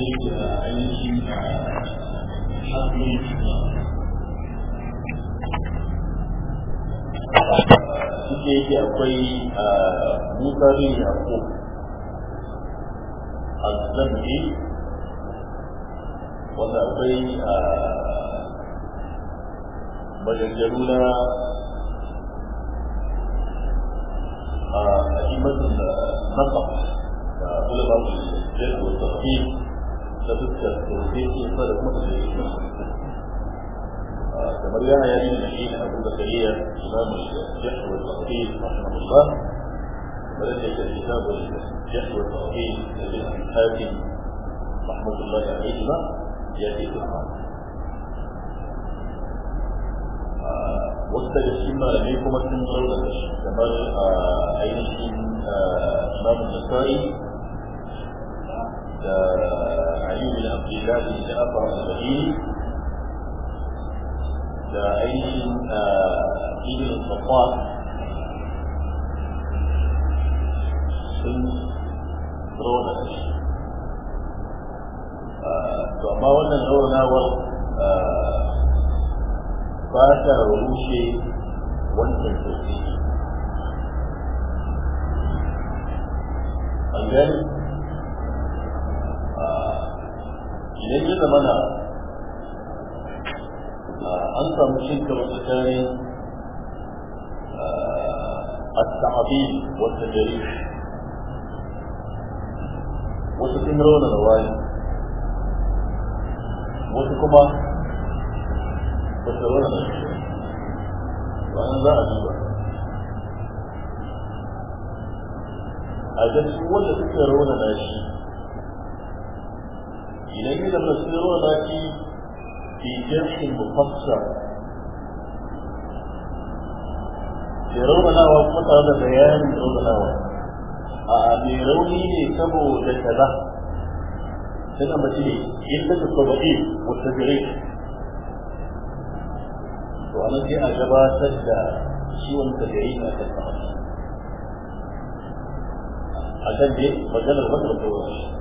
yake da ainihin hatsin suke yake akwai musari yako azzanji wanda akwai bajanjaru na a imanin nasa da ulama da ta dukkan sai ke fara kuma da shi kamar yana yayin da shi abu da kariya imamu shaykh wa tafsir rahimahullah ولم يكن كتاب الجهل والتوحيد للحاتم رحمه الله عليهما يأتيكما وقت السنة لم يكن من غير كما أين الإمام النسائي da علي بن عبد الله بن جعفر البديل da ainihin filin safon sun rona shi to amma wannan raunawar ba idan ya zama na an samu shirka tsakanin التعظيم والتجريح وتتمرون الرواية وتكما وترون وأنا لا أجيبها a gaske wanda suka rauna shi idan yi da tasirin zaki fi jirgin mufassar ke raunanawa kuma tare da bayanin raunanawa a mai rauni ne saboda kaza tana mace ne in ta wata gare to sai a gabatar da ciwon ta gari a maganar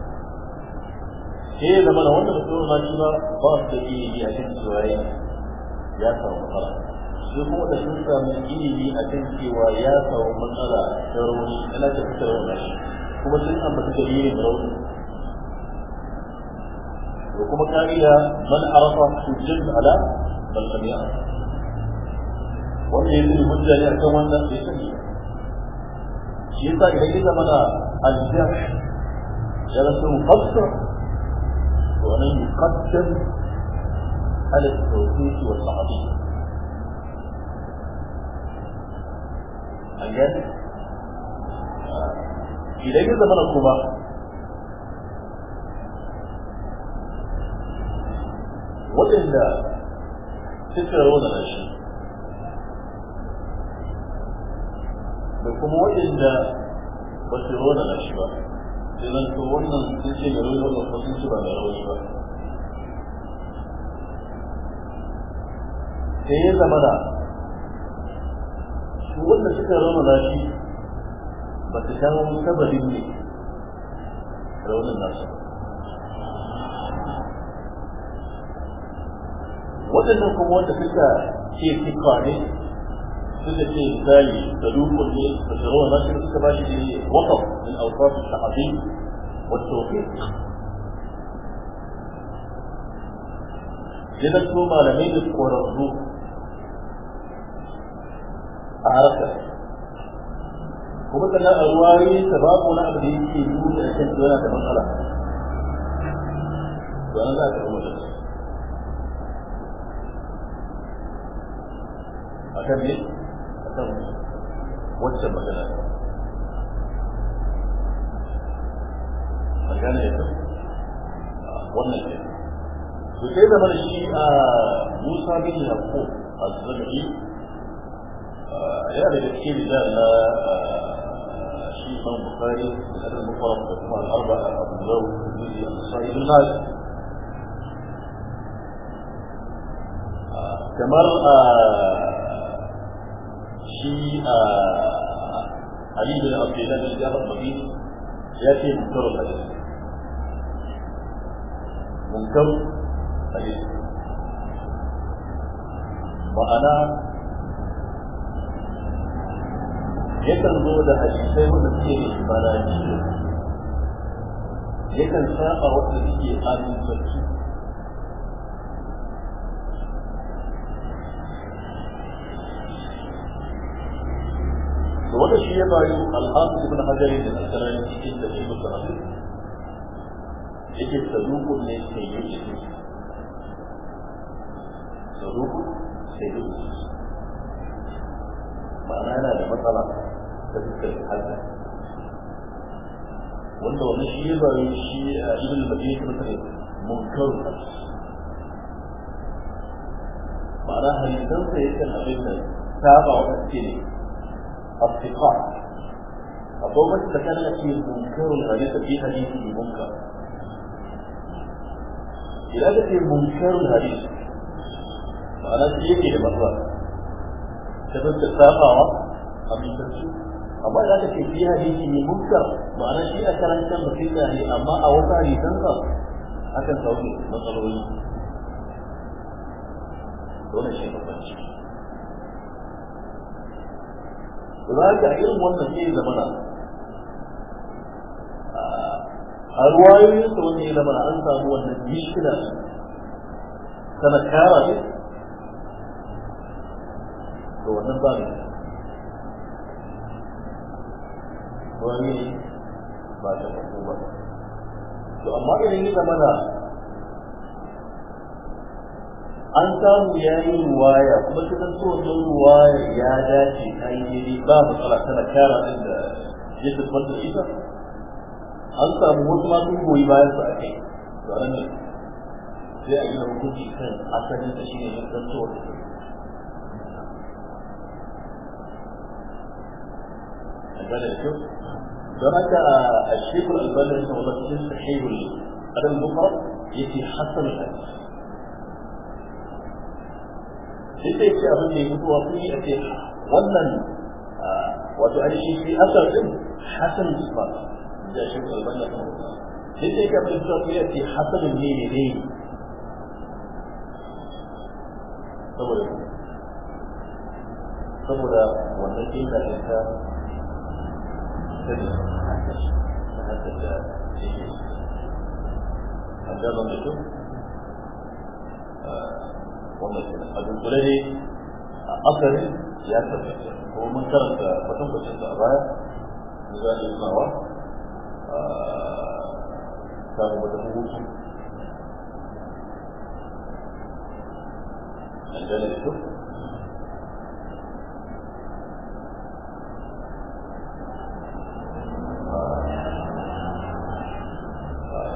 sai ya zama da wanda da tsoro shi ba ba su da ilimi a kan cewa ya samu matsala shi kuma da sun samu ilimi a kan cewa ya samu matsala ta rauni ana ta fitar rauna shi kuma sun ambata dalilin rauni da kuma kariya man arafa hujjan ala bal lam ya'raf wanda ya zuri hujja ne akan wannan bai sani shi yasa idan ya zama da aljihar ya rasu mufassar ومن يقدم على التوفيق والتعظيم أيام آه، إلى أي زمن الكوبا وإلا لا تكرون الأشياء لكم وإن لا تكرون الأشياء sai to wannan sun ce da rauni wannan sun ce ba da rauni ba Ta ya zama da su wanda suka rama lashi ba ta su kawo sabarin ne raunin nasu waɗannan kuma wanda suka ce fikwa ne suka ce misali da dukkan ne da tsaro na shi suka ba shi wakaf min awsaf al-shahabi wa tawfiq yana so malamai da kwararru a harkar kuma sannan a ruwaye ta babu na abu da yake nuna da kan yana da matsala don za ka rubuta a kan ne kan waccan magana magana ya tafi wannan ne to sai da mana shi a musa bin yakub a zanabi yana da gaske da na shi man bukari da ɗan mufarar da kuma al'arba a abu zau da sa'idun nasi kamar a shi a Ali bin Abdullah bin Jabir Mabin ya ce munkarul hadis munkar hadis ma'ana yakan zo da hadisai wanda suke baraji yakan saba wanda suke amintattu shi ya bayu alhamdu ibn hajar da asara cikin da shi musu abu yake sadukun ne sai ya ce sadukun sai ya ce ma'ana yana da matsala ta fuskar hada wanda wani shi ya bayu shi a ibn madina ta mutane munkar ma'ana halittarsa yakan abin da saba wa ne الثقاء أقوم تتكلم في المنكر الغريب في حديث المنكر إرادة المنكر الغريب فأنا سيئك يا مرة كذب تتاقى أم يتبسو أما في حديث المنكر فأنا شيئا كان أنت مفيدا لي أما أوضع لي تنقى أكن توقي مطلوبين دون شيء مطلوبين za ka irin wannan sai zamana a ruwayoyin sa wani ya zamana an samu wannan mishkila tana kara ne to wannan zamani wani ba ta ba to amma idan ya zamana an samu ya yi ruwaya kuma ta san so don ruwaya ya dace ta yi daidai ba matsala tana kara ɗin da ya tabbata ita an samu wasu ma sun goyi bayan su a kai to nan ne sai a gina hukunci kan asalin ta shine ya san so da kyau don haka a shekul albanin sa wata cikin sahihul adam bukar yake hasan hadisi sai sai ce abin da ya fitowa kun yi a ce wannan wato ainihin shi asar din hasan ba da shi kalban da kuma sai sai ka fitowa kun yi a ce hasanin ne ne ne saboda saboda wannan inda ne ta an gaba mutum wannan kenan a dunkule ne a asali ya tabbata ko mun karanta kwatankwacin da a baya mun za a yi nawa samu wata hukunci an gane da kyau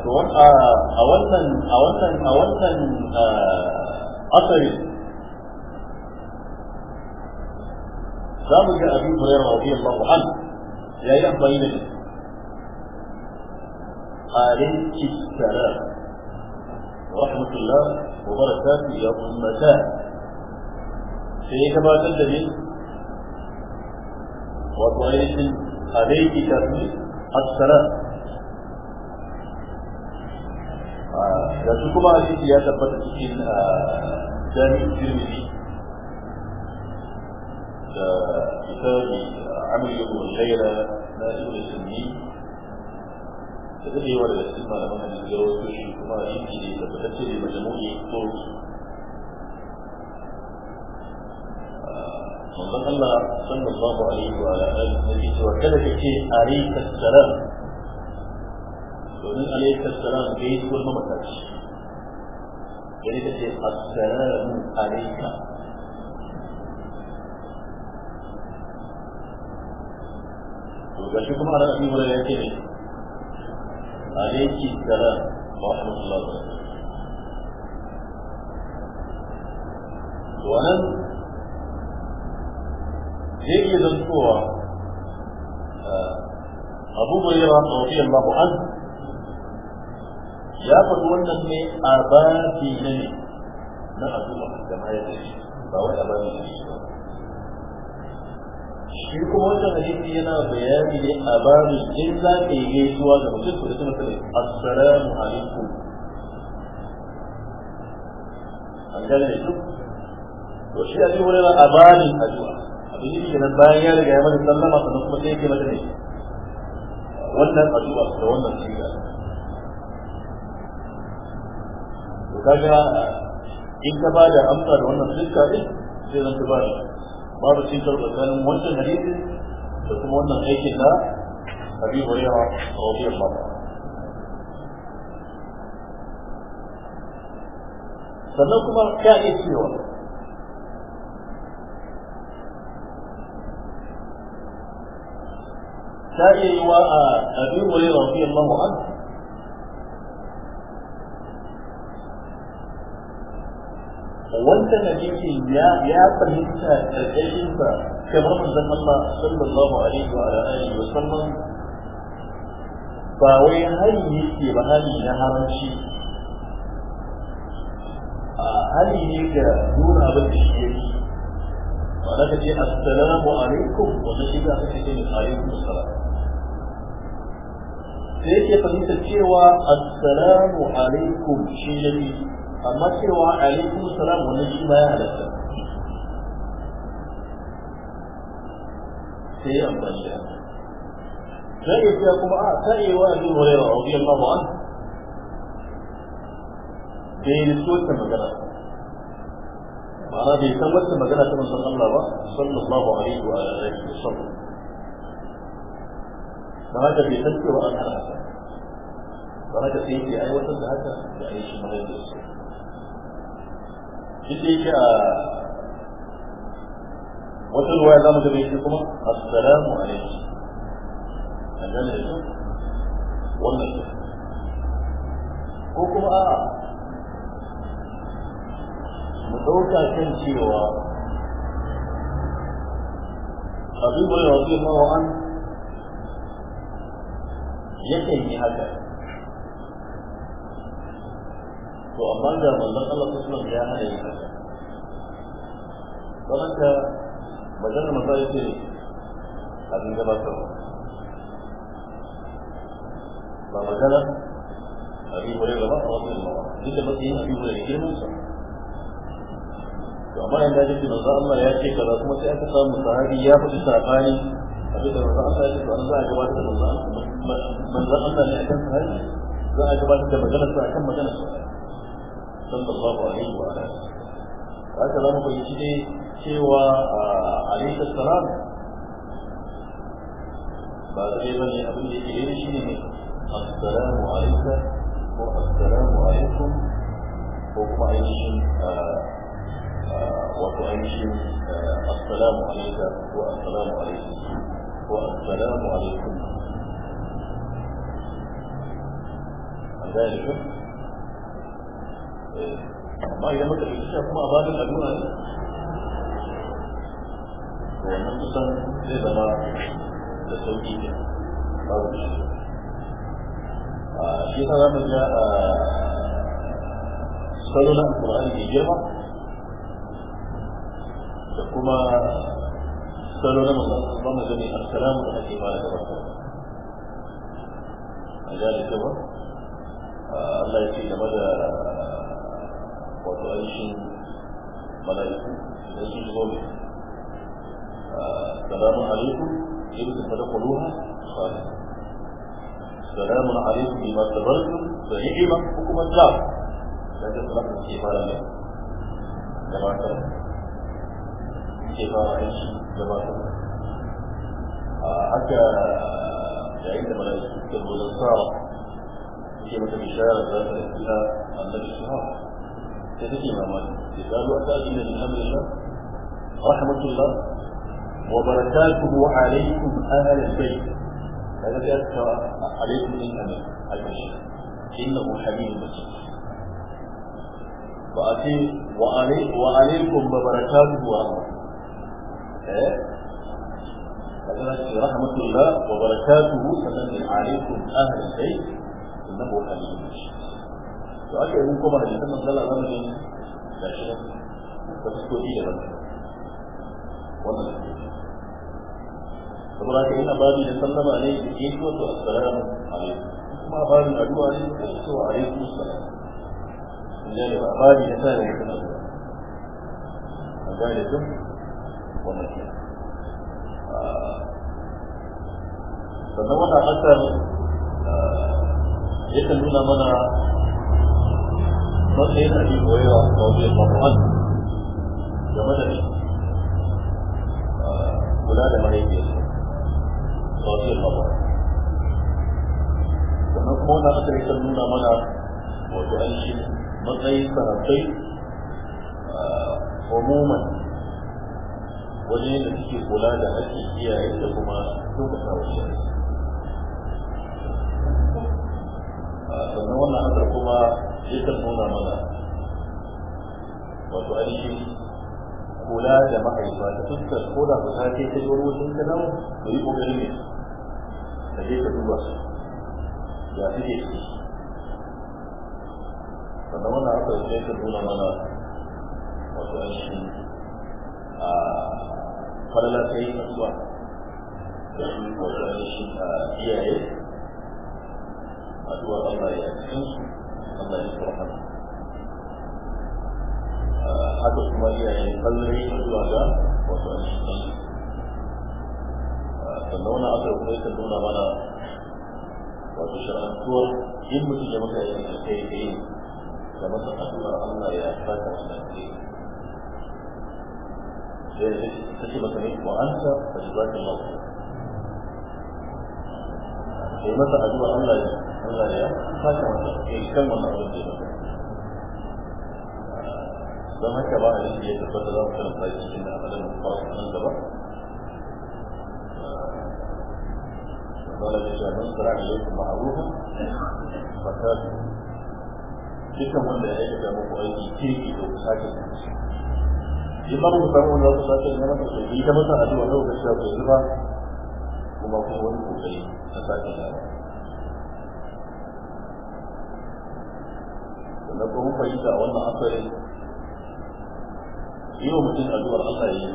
a wannan a wannan a wannan أثري سامي أبي هريرة رضي الله عنه يا يأبى إليه عليك السلام ورحمة الله وبركاته يا أمتان في كما تدري وطريق عليك تدري السلام da su kuma hadisi ya tabbata cikin jami'in tirmidhi da kitab amr ibn shayra na ibn sunni da dadewa da cikin malaman hadisi da wasu shi kuma hadisi ne tabbatacce ne majmu'i ko manzon Allah sallallahu alaihi wa alihi wa sallam cewa kada kake arika salam domin alaika salam gaisuwar mamataci يعني السلام عليك وبشوف على أبي هريرة كده عليك السلام ورحمة الله وبركاته وأنا هيك يدرسوها آه، أبو هريرة رضي الله عنه ya faɗi wannan ne a fi ne na addu'a da yadda shi ba wai a ne shi ba shi kuma wannan hadisi yana bayani ne a ne in za ka yi gaisuwa da mutum ko da kuma kai assalamu alaikum an gane ne duk to shi a cikin wani a bani addu'a abin yi nan bayan ya riga ya mana sallama sannan kuma sai ya ke mata ne wannan addu'a da wannan sigar kaga in ka bada amsa da wannan fuska din sai zan ta bada babu cin karɓar ganin wancan hadisi da kuma wannan aikin na abi hurairah radiyallahu anhu sannan kuma ka iya cewa ta iya yi wa a abi hurairah radiyallahu anhu wanda na jiki ya ya fahimta karkashin sa kamar manzon Allah sallallahu alaihi wa alihi wa sallam ba wai hali yake ba hali na haramci a hali ne ga nuna abin da shi yake ba za ka ce assalamu alaikum wanda shi za ka ce ne alaikum salam sai yake fahimta cewa assalamu alaikum shi ne amma cewa alaikum salam wannan shi ba ya halatta sai amfani da zai iya cewa kuma a sarewa abin hurairu a wajen mabu an bai yi ta magana ma'ana bai san wata magana ta musan Allah ba sallallahu alaihi wa alaihi wa sallam da haka bai san cewa an hana ba haka sai ke aiwatar da haka da aishi mahaifiyarsa duk wata ruwa za mu ga mai kuma assalamu alaikum an gane su wannan su ko kuma a mu ɗauka kan cewa abubuwan rasu mawa an yakan yi haka to amma da manzon Allah sallallahu ya hana yin haka don haka magana manzon ya ce abin gabatar ba magana abin bare gaba a wasu ilmawa duk da matsayin abin bare girman sa to amma yanda ya ce manzon Allah ya ce kaza kuma sai aka samu sahabi ya fi sabani abin da manzon Allah ya ce to an za a gabatar da manzon Allah ne akan sahabi za a gabatar da maganarsa akan maganarsa صلى الله عليه وسلم هذا لم يجد سوى عليه السلام بعد أيضا يقول لي إليه شيء السلام عليك والسلام عليكم وقائشين وقائشين السلام عليك والسلام عليكم والسلام عليكم ذلك amma idan muka ɗauki shi kuma a babin allura ne wannan kusan zai zama da sauƙi ne babu shi shi yasa za mu ga salolan alƙur'ani mai girma da kuma salolan musamman da mai assalamu da ake ba da gaba a jari gaba Allah ya ce game da وتعيشهم ملائكم تعيشهم جوابهم سلام عليكم إن تتدخلوها صالحا سلام عليكم بما تبرتم فهجم حكم الجار لكن هناك استهبال عليهم كما ترى استهبال عيش كما ترى حتى جعلنا ملائكم كالبنصارى هي متبشارة ذات الاتجاه عن نبي الصحابه تذكي ما مالك قالوا من أمر الله رحمة الله وبركاته عليكم أهل البيت هذا كانت عليكم من أمر البشر إنه حبيب المسيح وأتي وعلي وعليكم ببركاته ورحمة الله فقالت رحمة الله وبركاته فمن عليكم أهل البيت إنه حبيب المسيح to aka yi kuma hadisan manzala zamanin da shi da yi da ban wannan saboda ka yana babi da sallama ne da ke ko to assalamu alaikum kuma babi addu'a ne da ke cewa alaikum assalam inda da babi da sai da kana a gane duk wannan ke sannan wannan asar eh, yakan nuna mana matsayin abin game da ah, kula da kuma nuna mana wato ainihin matsayin sarrafai ah, umuman da suke kula da haƙƙin iyaye da kuma wasu ah, sannan wannan kuma yakan nuna mana wato ainihi kula da ma'aikata ta fuskar ko da ku ta ce ta yi wajen ka nan da yi kokari ne da je ka duba su ya fi ke ci sannan wannan haka sai ta nuna mana wato ainihi a ta yi kasuwa da su wato ainihi a iyaye addu'ar Allah ya cikin su الله يذكر حمد هذا semuanya yang kalri itu ada waktu ini sanona ada upaya sanona mana waktu syarat tua jin mesti jamaah yang saya ini jamaah satu Allah ya kata nanti jadi sesi macam ini وأنت فجزاك الله. Jadi masa adua Allah ya Allah ya saka masa ya yi kan wannan abin da ya masa don haka ba a yi ya tabbata za mu karanta shi cikin amalin farko nan gaba قال الإسلام ينصر عليكم معروفا فكاتب dukkan wanda ya aikata muku aiki kirki to ku sake shi ba mu samu da su sake ne ba sai ta masa addu'a lokacin da ku zuba kuma ku wani kokari na sake dawo Na kuma fahimta a wannan asali yi wa mutum addu'ar Allah ya yi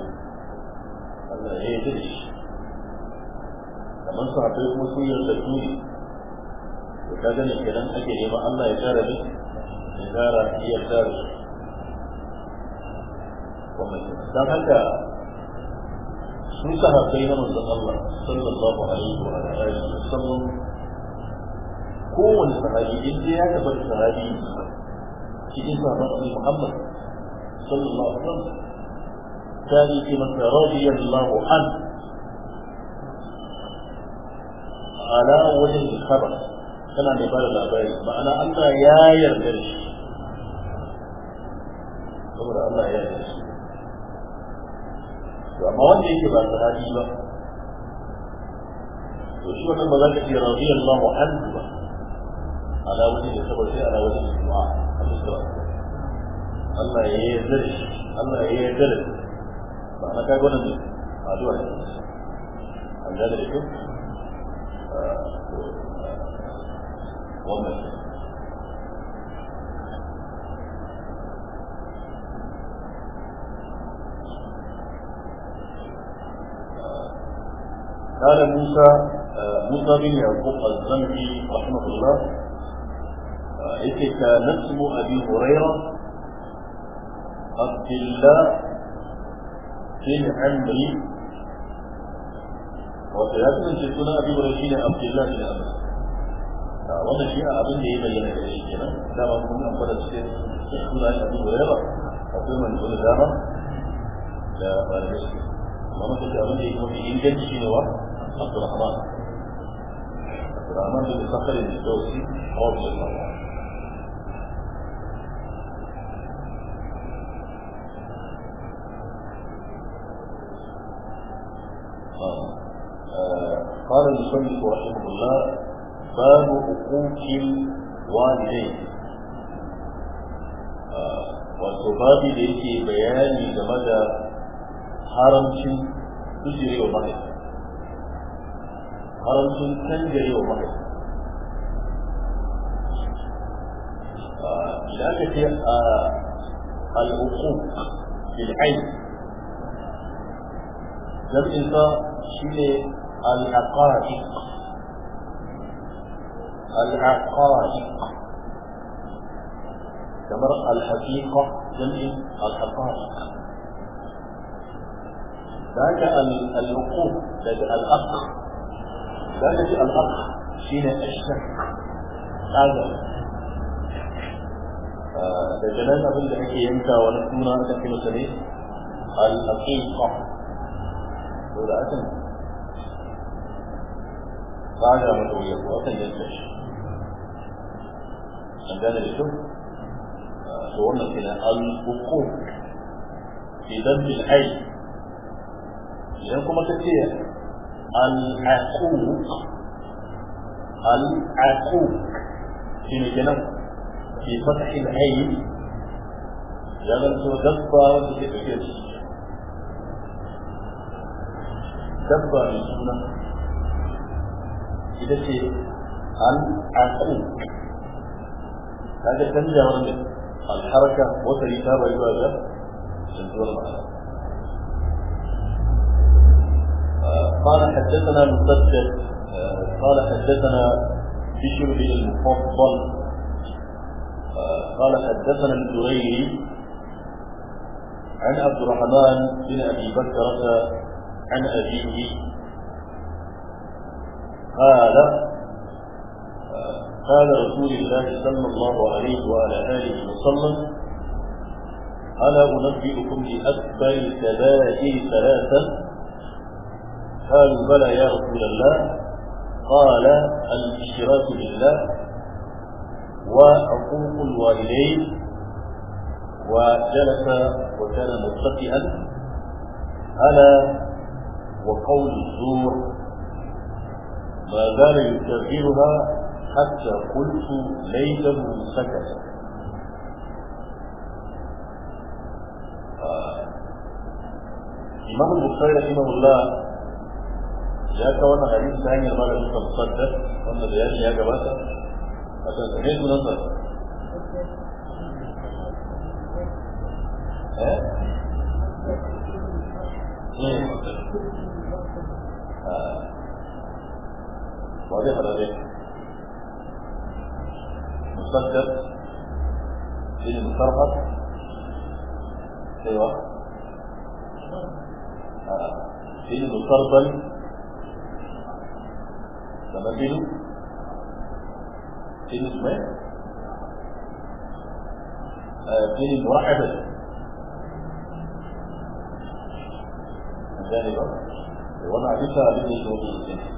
Allah ya yi da shi kamar su haɗe kuma sun yarda duni to ka gane kenan ake neman Allah ya tsara ne ya tsara iya tsara don haka sun sahabbai na manzon Allah sallallahu alaihi wa sallam kowane sahabi in ya tabbata sahabi في إذن ربي محمد صلى الله عليه وسلم كان في من رضي الله عنه على وجه الخبر كان نبال الأبائي معنى أن الله يا يرمش أمر الله يا يرمش وما وجه كبار تهديبا وشوف المذاكة رضي الله عنه على وجه التوجيه على وجه الجماعة الإسراء الله يدرش الله يدرس معنى كاقونا من هذا أن يدركم ومن آه، قال موسى آه، موسى بن يعقوب الزنكي رحمه الله إذا نسمو أبي هريرة عبد الله بن عمري وفي هذا المسجد أبي هريرة عبد الله بن عمري وانا شيء أبن جيدا لنا كريجنا دعوا أنكم أفضل سكر إخونا أبي هريرة أبي من كل دعوا لا أبي هريرة وانا كنت أبن جيدا لنا كريجنا عبد الرحمن عبد الرحمن بن سخر بن توسي قوة الله المصنف رحمه الله باب حقوق الوالدين wato babi da yake bayani game da haramcin bijirewa mahaifi haramcin canjarewa mahaifi idan aka ce al'uquq bil'ain jam'insa shine العقائق العقائق تمر الحقيقة جمع الحقائق ذاك الوقوف ذاك الأخ ذاك الأخ حين الشك هذا daga nan abin da ake yanka wani suna da ke mutane قاعدة مدوية وطن ينتج عندنا الاسم صورنا هنا الوقوف في دم الحي لأنكم كثير العقوق العقوق في مجنب في فتح العين لأن تدبر في تكتير دبر السنة ita ce an aqu kaga canja wannan alharaka wata rita bai zuwa ga canzuwar ma'ana قال حدثنا مسدد قال حدثنا بشر المفضل قال حدثنا الزهيري عن عبد الرحمن بن ابي بكر عن ابيه قال آه، قال رسول الله صلى الله عليه وعلى آله وسلم ألا أنبئكم بأكبر الكبائر ثلاثة قالوا بلى يا رسول الله قال الاشتراك بالله وعقوق الوالدين وجلس وكان متقئا ألا وقول الزور ما زال يكررها حتى قلت ليته سكت imam bukhari rahimahullah ya ka wannan hadisi ta hanyar malam ibn musaddad wanda bayani ya gabata a kan ne sunan sa eh ولا غير مسكر في المسرقة أيوة آه. في المسرقة لما سينه سين اسمه سين إيه؟ آه، مرحبة جانبا وانا عديتها بالنسبة للسنة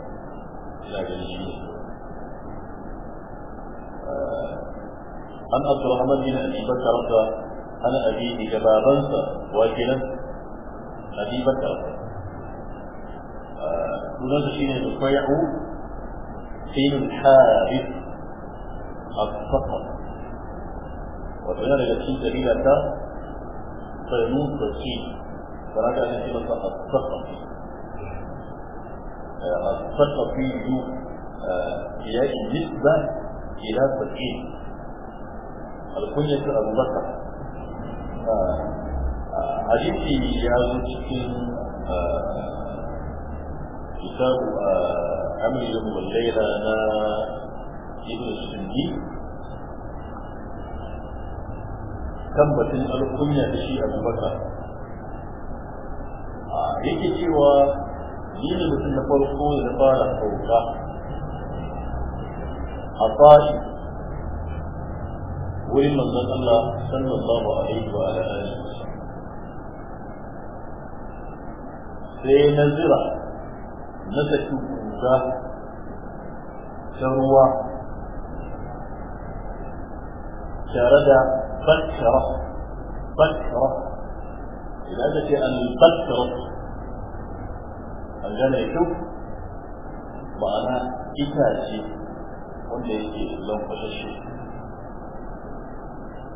لاجل الشيء آه، أن عبد الرحمن أبي بكر أنا أبي إجابا واجلا أبي بكر آه، هناك شيء يسمعه في الحارث الصفر وبين الرسول دليل أنه فيموت الصين فرجع الرسول الصفر الثقفي قياس نسبة إلى ثقيل الكنية أبو بكر حديثي يعود في كتاب أمر يوم الليلة أنا ابن السندي كم بتن الكنية شيء أبو بكر yake cewa shi ne mutum na farko da fara sauka a tashi wurin manzon Allah sallallahu alaihi wa alihi sai na zira na saki kuka ta ruwa tare da bakara bakara idan da ce al-bakara an ya kyau ma'ana itace wanda yake lankwasashe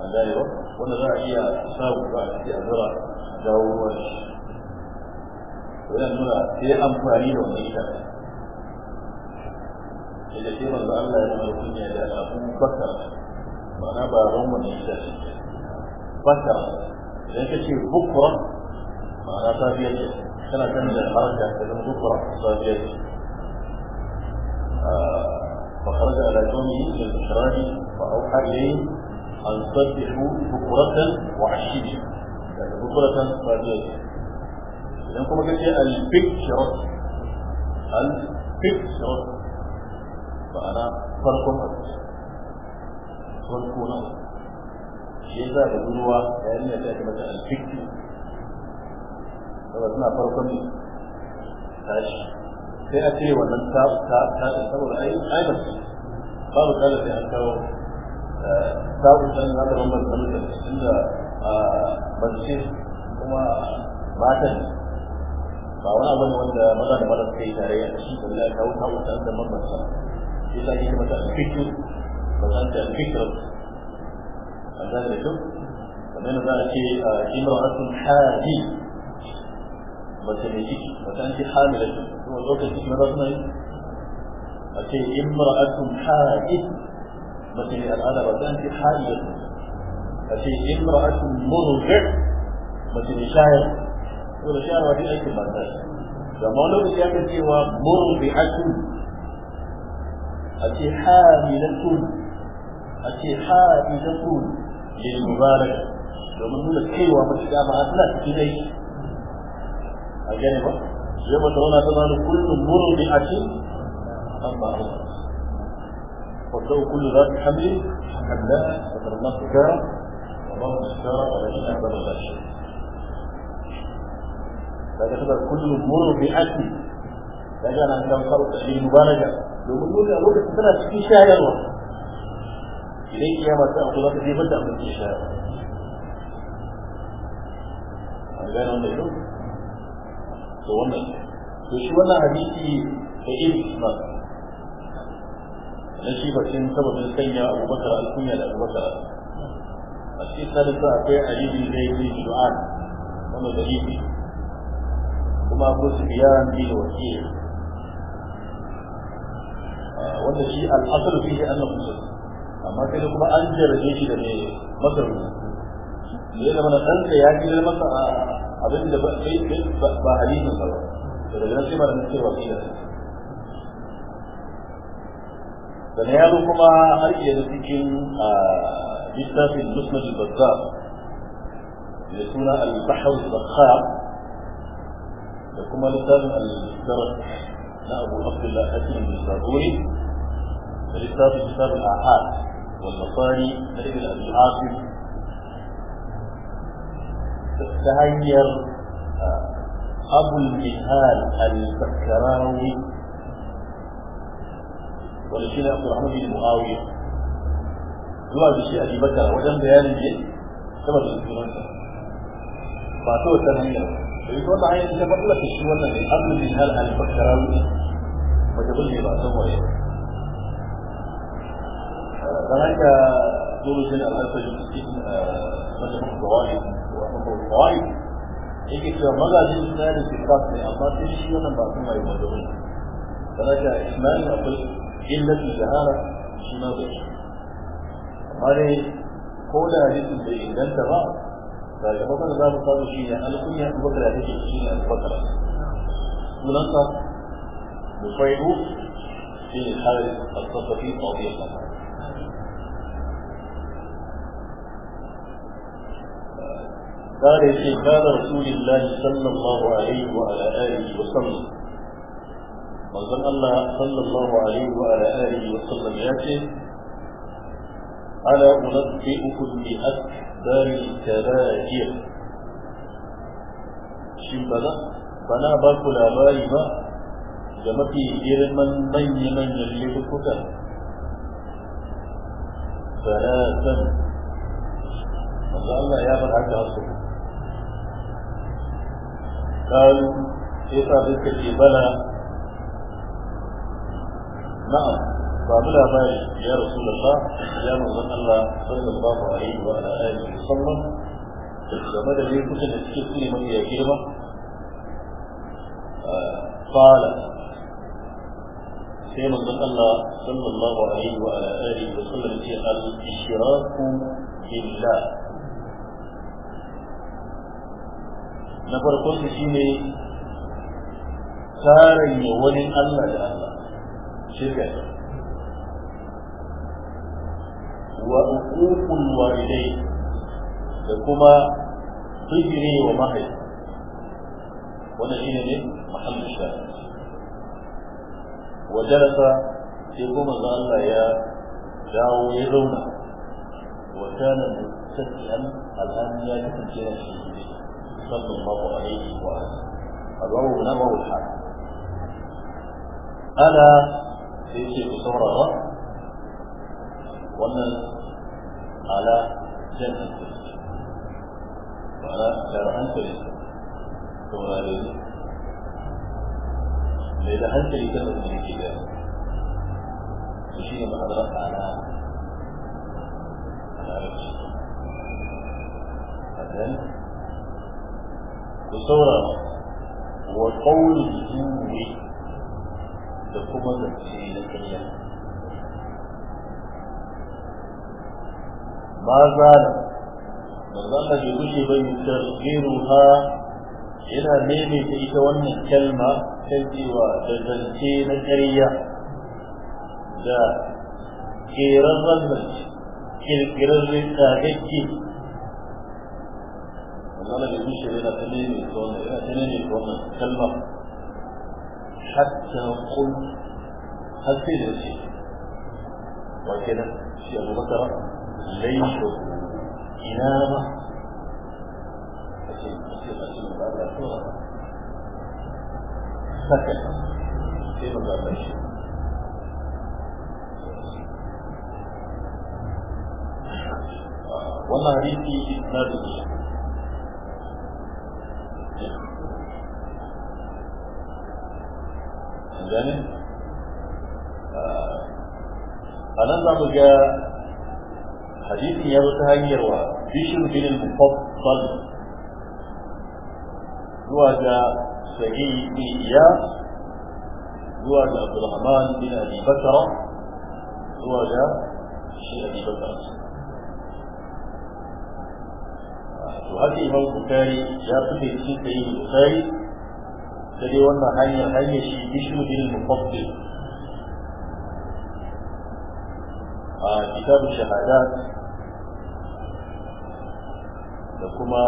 an gane ba wanda za a iya samu ba a cikin zura a dawo ruwan shi wannan nuna sai amfani da wani ne da ke manzo Allah ya nuna kunya da Abu Bakar ma'ana ba ran wani itace Bakar idan ka ce bukwa ma'ana ta biyar كما تنزل الحركة لم تقرأ صاجد فخرج على قومه للإخراج فأوحى إليه أن صبحوا بكرة وعشية يعني بكرة صاجد إذن كما قلت البكرة البكرة فأنا فرق فرق فرق shi شيء ذا ruwa yayin da take mata البكرة وزنا فرقا فئتي ومن تاب تاب تاب تاب اي اي بس قالوا قال في انتو تاب تاب هذا هو مرتبط عند بنشير وما باتن فاونا اظن وانت مدى مدى في تاريا الشيط الله تاب تاب تاب تاب مرمى الصلاة إذا كنت مثلا فيتو مثلا فيتو مثلا فيتو فمن ذلك شيء امرأة حاجي وتنجيك وتنجي حاملة هو الوقت اسم رضنا أتي امرأة حائد مثل الآن وتنجي حاملة أتي امرأة مرجع مثل شاعر ولا شاعر وفي أي كمان فما لو كانت هو مرجعة أتي حاملة أتي حائد للمبارك لو من هنا كيوة مرجعة مع أثناء كيوة a gani ba ya ba tauna ta zanu kullum murdi'atin amma وتو كل ذات حمل حملا فضرنا سكارا وضرنا سكارا ولجنا عبد الله هذا كده كل مرضعة لجانا أن تنقل تأليه مبارجة لو نقول له لو تتنا في شهر الله إليك يا مساء الله في بدأ من الشهر هذا كان الله da wannan to shi wannan hadisi da irin ba na shi bacin sababin sanya abubakar alkunya da abubakar a cikin sadisa akwai alibi zai yi du'an wanda da ibi kuma akwai su biyaran bi da wakil wanda shi al'asar fi annan musul amma sai da kuma an jarabe shi da mai masar ne da mana ɗanka ya ji masa a abin da ba hadisin sa ba to daga nan sai malamin sai wasila sannan ya zo kuma har yanzu cikin littafin musnad al-bazzar da suna al-bahr al-bakhar da kuma littafin al-darat na abu abdullah hakim bin saburi da littafin kitab al-ahad wal masari da ibn abi hasim تتهير آه، أبو الجهال البكراوي ولكن أبو الرحمن بن معاوية زوال بشيء أبي بكر وجنب هذا الجهل كما تذكرون فاتوا التهير فيقول معي أنت بقلة الشوال من أبو الجهال البكراوي وتقول لي بأسه وإيه فهناك آه، دروس الأساس في السجن آه، مجمع الضوائي wai yake cewa magajin ismail sifat ne amma sai shi wannan ba sun mai mazo ne kana ta ismail akwai illatul jahara shi ma bai amma dai ko da hadisin bai inganta ba da ga bakar za mu samu shi ne alkunya abubakar da take shi ne abubakar sunansa musaibu shi ne harin al-safafi قال يشي قال رسول الله صلى الله عليه وعلى آله وسلم وقال الله صلى الله عليه وعلى آله وسلم يأتي على أنبئكم بأكبر الكبائر شبنا ba na ba ku labari ba da من girman manya-manyan laifuka salatan Allah ya faɗa قالوا يسا بك بلى نعم babu labari ya rasu da sa ya manzon Allah sallallahu alaihi wa ala alihi wa sallam game da lokutan da suke sune mafi ya fala sai manzon Allah sallallahu alaihi wa ala alihi ya na farkon su shine tsarin ne wani Allah da Allah shirka ta wa uququl walidai da kuma tijiri wa mahai wannan shine ne mahallin shari'a wa jarasa sai kuma za Allah ya dawo ya zauna wa kana mutakiyan alhamdulillah kasance na shi صلى الله عليه وسلم الله من واو الحال ألا في شيء صورة ومن على جنة وعلى أنت كريم صورة ليه ليه أنت كريم من الكتاب تشير محضرات على على رجل da saurara wa ƙaunin zuwe da kuma zance na ƙarya ma zana manzan da bai wuce ba yi tarbiru ha yana maimaita ita wannan kalma ta cewa da zance na ƙarya da ƙerarren zance ƙirƙirarren tsagakke ولا بمشي إلى تنين الكون إلى تنين الكون كلمة حتى قل هل في ذلك وكذا في أبو بكر ليس إنامة سكن في مدار وما ريتي إسناده زين يعني, آه, انا لما جاء حديث يا ابو تهير و في شيء بين المفضل هو جاء سعيد يا هو عبد الرحمن بن ابي بكر هو جاء شيخ ابي بكر وهذه هو بكاري يا فتي في سيد البخاري سيدي وانا هاني هاني شي بشو دين المفضل آه، كتاب الشهادات لكما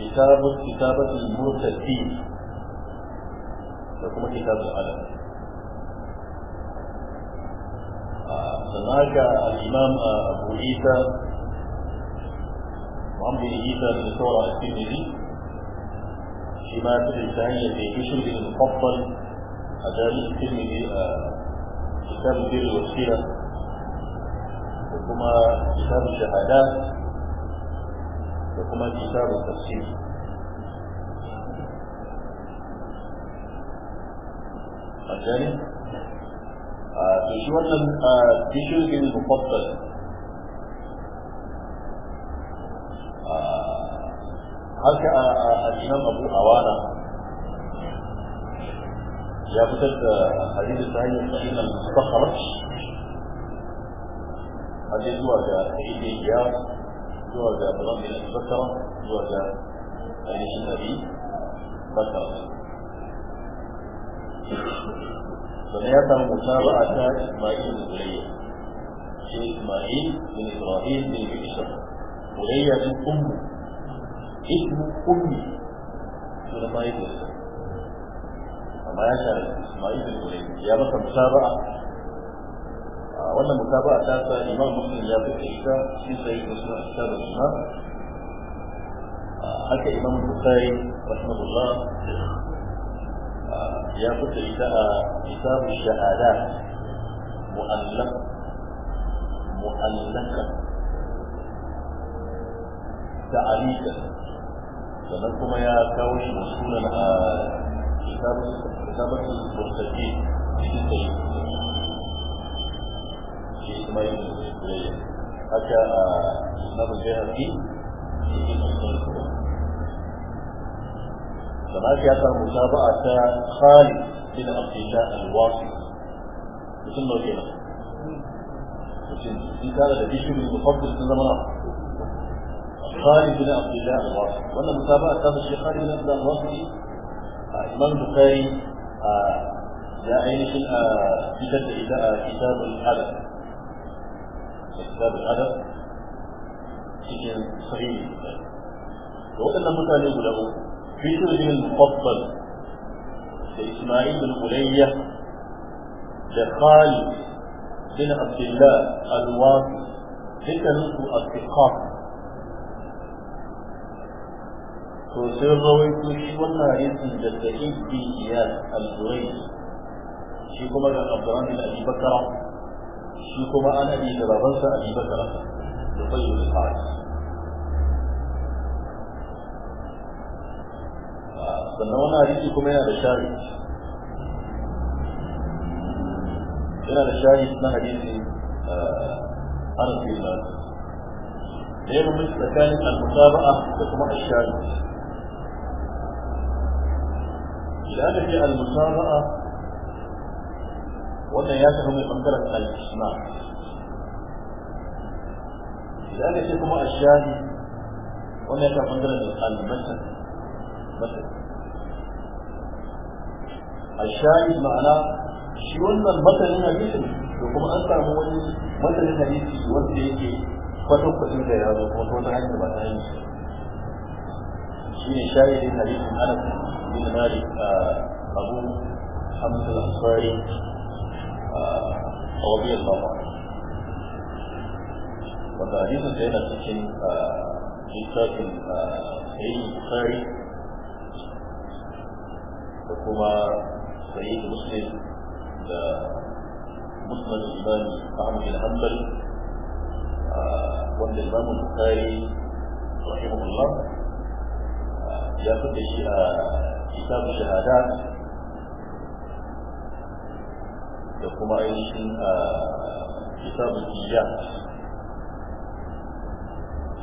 كتاب كتابة المرتدين لكما كتاب العلم آه الإمام أبو عيسى wanda ya yi da saura a cikin gari shi ma ta da ta hanyar da ya fi shirgin mufabbal a jami'in tirmidhi a kitabun bil wasira da kuma kitabun shahada da kuma kitabun tafsir a jami'in a to shi wannan bishirgin mufabbal haka al'imam abu awana ya fitar da hadisin ta hanyar sa'in al-sakhar hadi zuwa ga sayyidi ya zuwa ga abdullah bin al-bakr zuwa ga ainihin nabi bakr sannan ya samu mutaba'a ta isma'il bin zuriyya shi isma'il bin ibrahim bin bishr zuriyya bin ummu اسم امي سورة مائدة مايا شارع اسمائيد القليل يا مثل مسابعة آه، وانا مسابعة تاتا امام مسلم يابد اشتا في سيد مسلم اشتاب السماء حتى امام البخاري رحمه الله آه، يا كنت إلى كتاب الشهادات مؤلف مؤلفا تعليقا sannan kuma ya kawo shi da sunan a kitabatul mustaqi cikin da shi kuma yin soyayya haka a kitabul jahili cikin sunan sannan ya samu mutaba'a ta Khalid bin Abdullah al-Wasit mutum ne kenan mutum shi tare da bishirin mufaddal sun zama na خالد بن عبد الله الواسطي وانا متابعة هذا الشيخ خالد بن عبد الله الواسطي آه، امام البخاري جاء آه، عينه آه، كتاب كتاب الادب كتاب الادب في صحيح وقت لما كان له في سجن المفضل لاسماعيل بن بنية لخالد بن عبد الله الواسطي ليس نصف الثقافه to sun rawaito shi wannan hadisin da sahih bi iyad al-zurayn shi kuma da abdurrahman bin abi bakara shi kuma an abi da babansa abi bakara da bayyin al-haris sannan wannan hadisi kuma yana da shari yana da shari na hadisi anas bin malik da yana mutu tsakanin al-mutaba'a da kuma al-shari idan aka ce al-musaba'a wannan ya shafi mai bangaren al-isma idan aka ce kuma ash-shahi wannan ya shafi bangaren al-matan matan matan ma'ana shi wannan matanin hadisin to kuma an samu wani matanin hadisi wanda yake kwatankwacin da ya zo kuma ta wata hanyar ba ta hanyar shi ne shahidin hadisin anas bin Malik Abu Hamd al-Ansari radiyallahu anhu wanda hadisin da yana cikin littafin Sayyid Bukhari da kuma Sayyid Muslim da Musnad Imam Ahmad bin Hanbal wanda Imam Bukhari rahimahullah ya fada shi a كتاب الشهادات da kuma ainihin ah, kitabun iya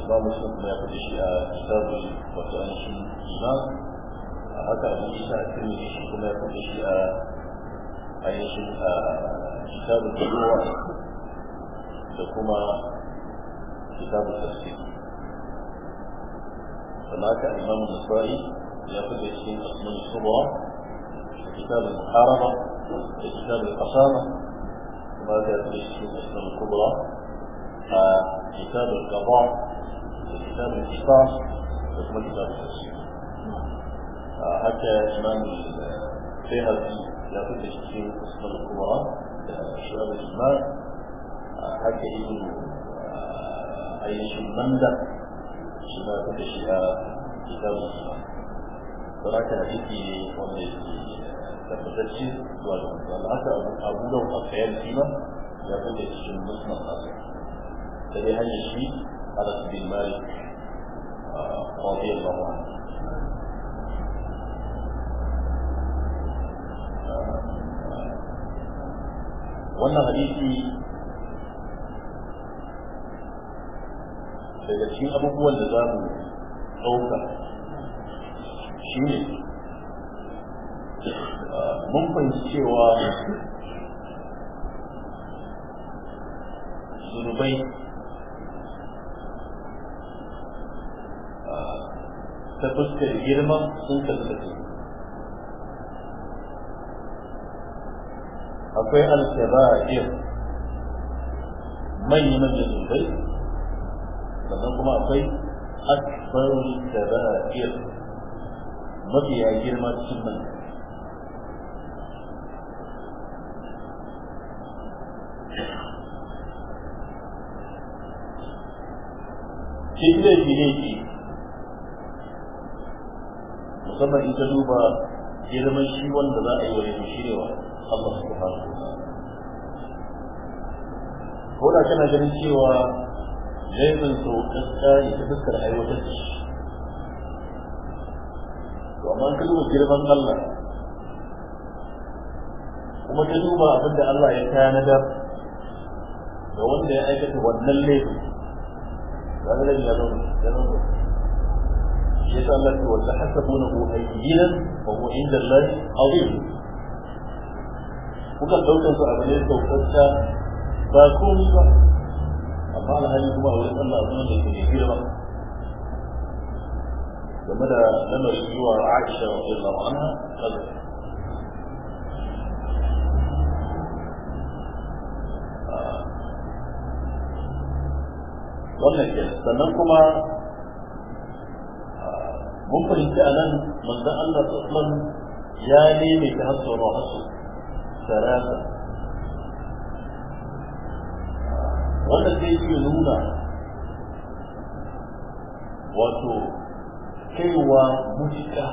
ba sun kuma ya fi shi a kitabun wato ainihin iman a haka abin isa a cikin shi kuma ya shi a ainihin ah, da kuma يأخذ الشيء الأسماء الكبرى كتاب المحاربة كتاب القسامه وما يأخذ الشيء الأسماء الكبرى كتاب القضاء كتاب القصاص وكما كتاب التفسير حتى إمام البيهقي يأخذ الشيء الأسماء الكبرى شباب الإجماع حتى ابن أي شيء شمندة شما يأخذ كتاب الإجماع saboda hadisi ne wanda yake tabbatacce zuwa ga wanda aka abu da wani kayan ya cikin musulman kasa da dai hanyar shi anas bin malik radiyallahu anhu wannan hadisi daga cikin abubuwan da za mu ɗauka shi ne mun fahimci cewa zunubai ta fuskar girma sun tattace akwai a iya manyan zunubai sannan kuma akwai akbarul kaba'ir mafiya girma cikin mai shi zai fi ne ke? musamman ita duba girman shi wanda za a yi wani shirewa Allah su fara ko da kana ganin cewa laifin sau gaskiya ne ta fuskar aiwatar da shi amma ka girman Allah kuma ta duba abin da Allah ya tanadar da wanda ya aikata wannan laifin wannan rai ya zama ya zama ya sa Allah wa ta hasabuna ko ayyina ko ko inda Allah azim kuka daukan su abin da daukanta ba ku ba amma Allah ya kuma wannan wurin Allah azuma da yake girma ومدى لما رجوع عائشة رضي الله عنها قالت خلق ولكن سننكما ممكن سألا من دعنا أصلا جاني من تهز الرأس ثلاثة كيف يقولون وتو kaiwa mutuka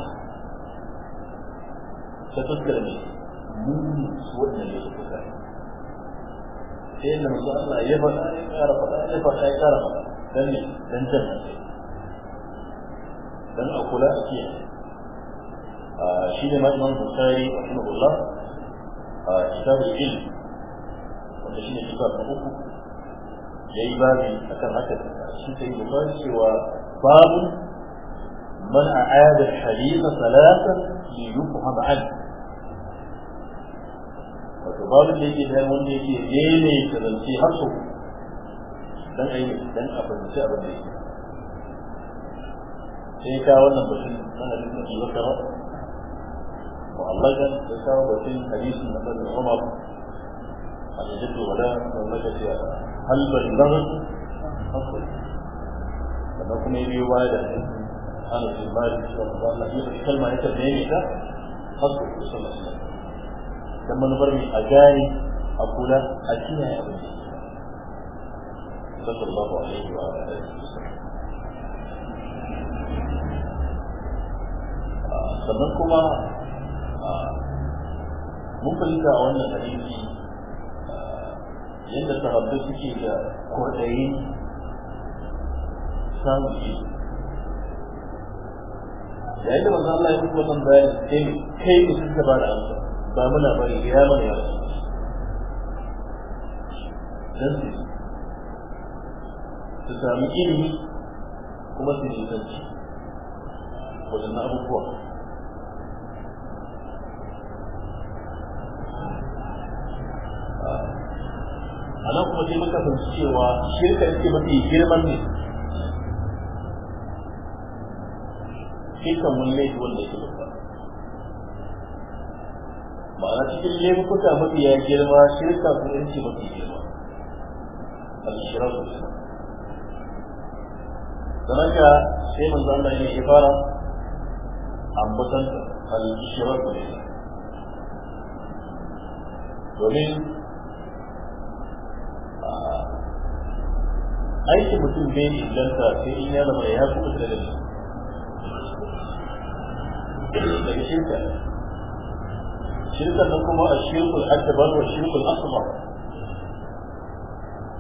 ta tattara mai muni su ne su kusa sai yadda masu Allah ya faɗa ya ƙara faɗa ya faɗa ya ƙara faɗa don ne don jan don a kula a kiyaye shi ne ma'imam Bukhari a kuma Allah a wanda shi ne kitab na uku ya yi babi a kan haka shi ta yi cewa babu من أعاد الحديث ثلاثة ليفهم عنه وتقال لي إذا مني في ديني فلنسي تدلسي لن دان لن أفهم أفنسي أبنسي إيه كاونا بسن من الذي ذكر معلقا ذكر بسن حديث مثل عمر عن جد ولا مملكة هل بلغت حصو فنكم يبيوا بعد حديث Anas bin Malik sallallahu alaihi wasallam kalma ta hadu sallallahu alaihi dan manubarmi a gari a kula a cinye a wani sallallahu kuma mun kalli a wannan hadisi yadda sahabbai suke da kwadayin samun yayin da manzo Allah ya yi wannan bayani sai ne kai ne suka ba da amsa ba muna bari ya mana ya dan su sami ilimi kuma su ji zanci wadannan abubuwa a nan kuma sai muka fahimci cewa shirka ce mafi girman ne dukkan mun laifi wanda ke da ma'ana cikin laifuka mafi ya girma shirka ko yanci mafi girma al-shirar da sosai don haka sai mun Allah yin yi fara ambatan al-shirar da shi domin aikin mutum bai inganta sai in ya zama ya kuma da dalilin daga shirka shirka na kuma a shirkul akbar wa shirkul asghar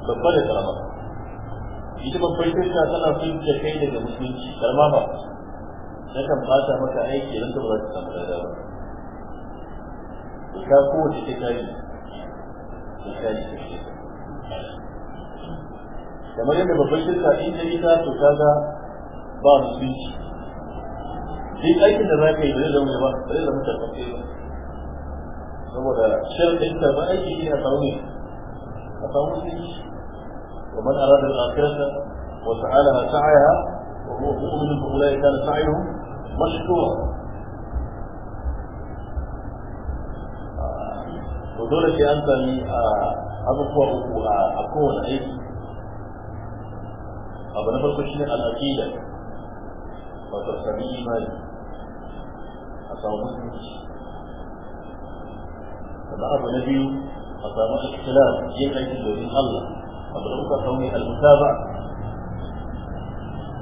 babba da karama ita babbar shirka tana fin da kai daga musulunci karama ba na kan bata maka aiki don ta ba za ta samu dada ba ka kowace ta kari ta kari ta shirka kamar yadda babbar shirka in ta ita to kaga ba musulunci duk aikin da za ka yi ba zai zama ba ba zai zama tabbace ba saboda shirin da ba aiki shi a samu a samu shi wa man arada al-akhirata wa sa'alaha sa'aha wa huwa mu'min fa ulai kana sa'yuhu mashkura to dole sai an sami a abubuwa uku a kowane aiki abu na farko shine al-aqida wato sami imani أصابته فبعض النبي أصابه اختلاف يقعد الله الله فبعض قومي المتابع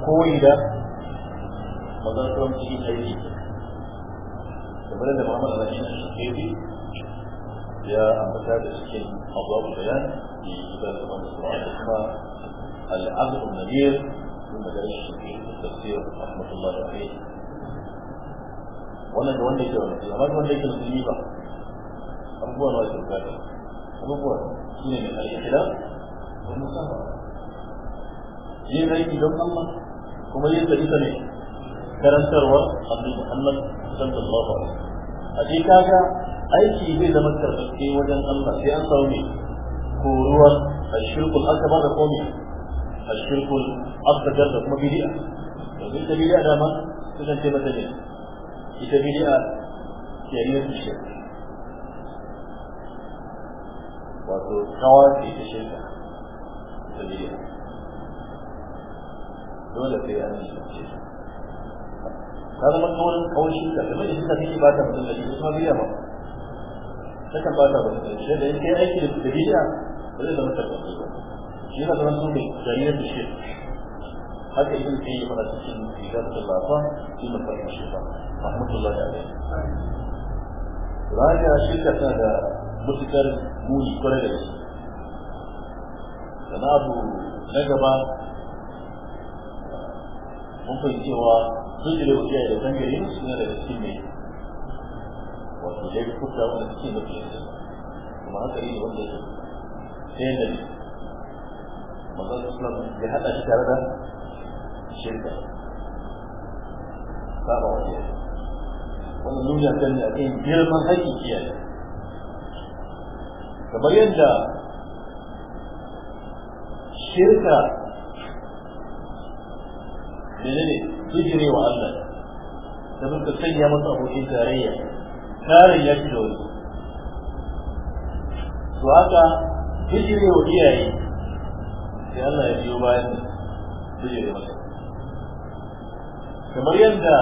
كويدا مدار كرم تجيب أيدي فبلد محمد الله شيخ الشقيقي يا أمتاد الشيخ أبو أبو بيان في كتاب الإمام الإسلامي اسمه العذر النذير من مدارس الشقيقي التفسير رحمة الله عليه wannan da wanda yake da musulmi amma wanda yake da musulmi ba abubuwa na wasu bukata abubuwa shi ne mai alƙida don musaba yin aiki don Allah kuma yin da ita ne karantarwar annabi Muhammad sallallahu alaihi wasallam a dai kaga aiki zai zama karfafe wajen Allah sai an samu ne koruwar ashirkul akbar da komi ashirkul asghar da kuma bid'a to duk da bid'a dama sun ce mata ne ita bid'a kenan ce wato kawa ce ta ta bid'a dole sai an yi ce ta zama kawai kawai da ta fi ba ta mutum da shi kuma bid'a ba ta kan ba ta mutum da shi da yake aiki da bid'a ba zai zama tabbatar ba shi yana zama su ne da haka ibn sai ya faɗa cikin rigarsul lafa shi da fahimta shi ba rahmatullahi alaihi raja shirka tana da mutukar muni kwarai da gaske sana na gaba mun fahimci cewa hijira wa iyaye da dangare suna da cikin mai wato ya yi kuka wanda cikin da fiye kuma haka ne sai shirka saba wa iyaye wani nuna kan da girman haƙƙin iyaye kamar yadda shirka menene bijire wa Allah da muka sanya masa abokin tarayya tarin ya fi da wani su haka bijire wa iyaye sai Allah ya biyo bayan bijire masa kamar yadda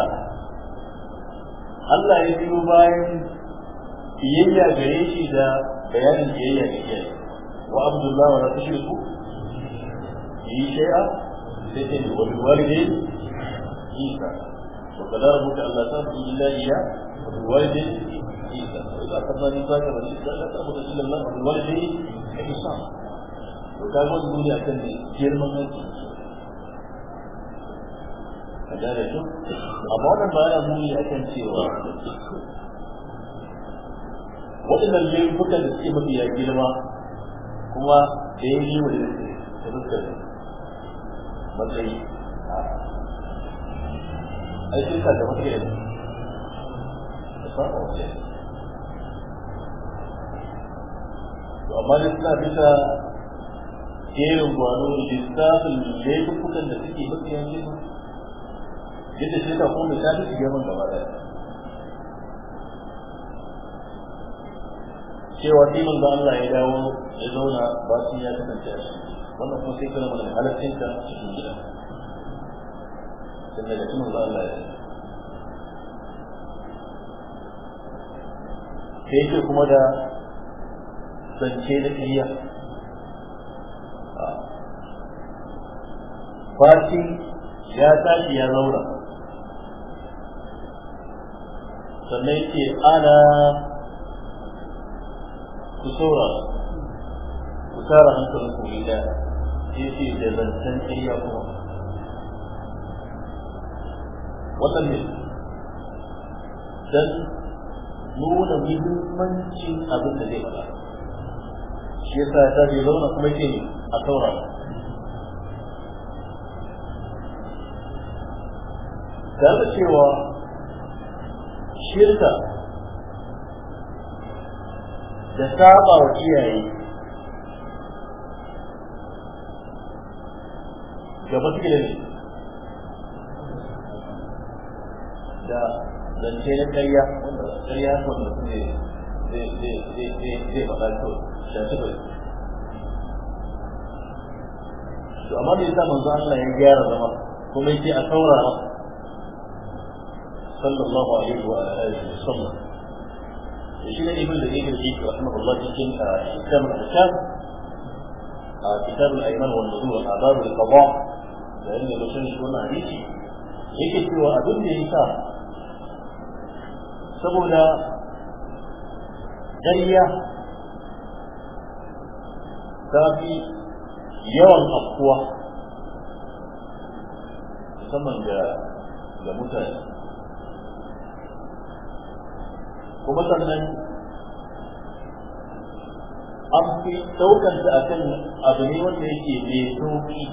Allah ya biyo bayan biyayya gare shi da bayanin biyayya da ke wa abdullah wa la ku yi shay'a sai ce wa bil walidayni ihsana ta qala rabbuka alla ta'budu illa iyyah wa bil walidayni ihsana wa idha akhadna mithaqaka wa la shi da allah wa bil walidayni ihsana to kaga wannan duniya kan ne girman nan a su amma wannan ba cewa waɗannan da suke mafi ya girma kuma da ya yi wani da matsayi a yi da da amma da suna bisa gwano lissafin laifukan da suke mafi yadda shi ta kuma ta fi girman gaba daya cewa sai da Allah ya dawo ya zauna ba shi ya kasance shi wannan kuma sai kana mana halaccin ta cikin gida sai daga cikin Allah ya sai yake kuma da zance da iya Fati ya tashi ya zauna sannan yake ana ku saura ku tara hankalin ku gida yake da zancen ya kuma waɗanne don nuna muhimmancin abin da zai faɗa shi yasa ya sa zai zauna kuma yake a saura tare da cewa shirka da saba wa iyaye da mutunci da zance na karya wanda karya wanda su ne zai makarto shafi ba, su amma da sa manzo Allah ya gyara zama kuma yake a saurara صلى الله عليه وعلى وآله وسلم الشيء الذي من الذي يجيك رحمه الله في كتاب الأحكام كتاب الأيمان والنزول والعذاب والقضاء لأن لو كان شو ما عليك هيك هو أدنى كتاب سبولا جريا تابي يوم أقوى ثم جاء لمتى kuma sannan an fi daukan ta akan abu ne wanda yake mai sauki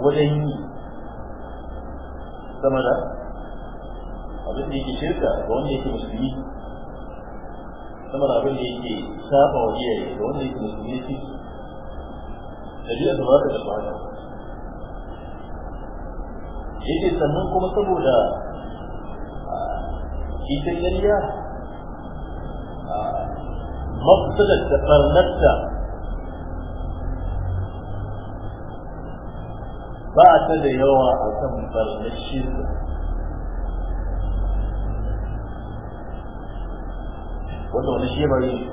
wajen yi sama da abin da yake shirka ga wanda yake musulmi sama da abin da yake saba wa iyaye ga wanda yake musulmi shi ɗabi'a da ba ta da ba yake sannan kuma saboda ita ƙarya mafsalar da ɓarnarta ba ta da yawa a kan ɓarnar shirka wanda wani shi ba yi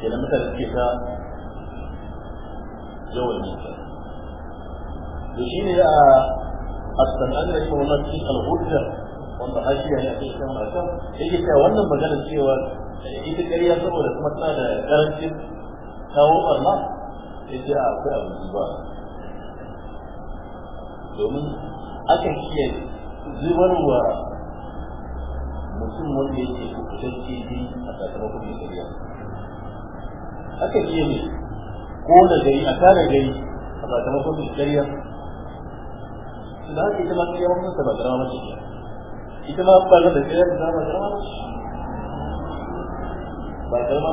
ke da mutane suke ta yawan nisa to shi ne a asan an rashin wani cikin al'uddar wannan ba hashiya ne a cikin kan harkar yake cewa wannan magana cewa ita ƙarya saboda kuma tana da ƙarancin kawo ɓarna yake a akwai abu ba domin akan iya zubarwa mutum wanda ya yake kubutacce ne a sakamakon mai ƙarya akan iya ne ko da gari a kare gari a sakamakon mai ƙarya da haka ita ma ƙarya wani mace mace ita ma ba da tsayar da ba karama ba ba karama ba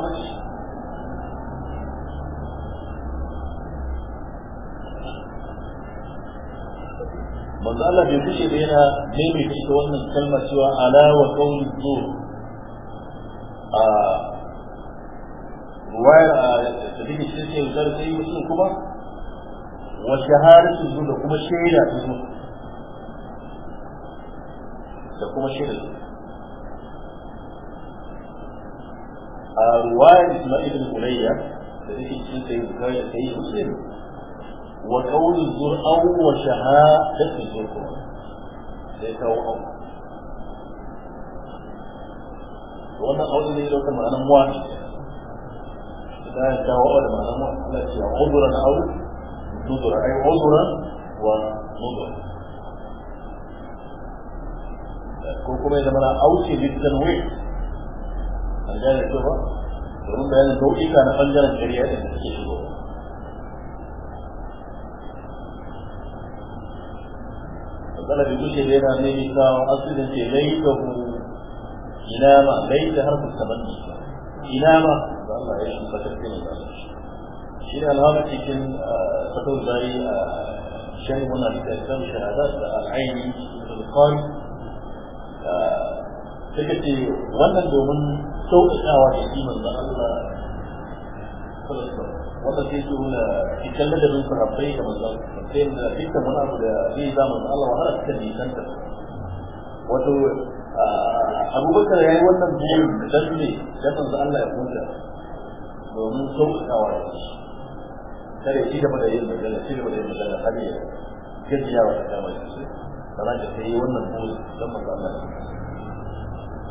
manzo Allah bai kushe da yana maimaita ita wannan kalmar cewa ala wa qawli zur a ruwayar da take cikin sai mutum kuma wa shahadatu zur kuma shaida ta zur da kuma shirin a ruwayar Ismail ibn Ulayya da take cikin sai Bukhari da sai Muslim wa zur zur'aw wa shaha shahadat zurqu sai kawo au wannan au ne da ma'anar muwafi da ya kawo au da ma'anar muwafi Allah ya ce uzran au nuzura ai uzran wa nuzura ko kuma ya zama na auce littanwe an gane ko ba domin bayanin nau'ika na ɓangaren shari'a da suke shigo matsala da duk da yana mai kawo asirin ce lai da hu ina ma lai da harfin tamanni ina ma da Allah ya shi fatar da ne ba shi ne alhamdu cikin fatawar bari a shan wani da ya samu shahada da al'aini da alƙari sai kace wannan domin sauƙaƙawa da shi manzo Allah wanda sai ke nuna cikin da bin sahabbai da manzo sai da dukkan wani abu da zai zama Allah har ta ji kanta wato abubakar ya yi wannan biyu da ne da manzo Allah ya kunta domin sauƙaƙawa da shi kare shi gaba da yin magana shi da yin magana har ya gajiya wa ta kama shi sannan da sai wannan biyu don manzo Allah ya kunta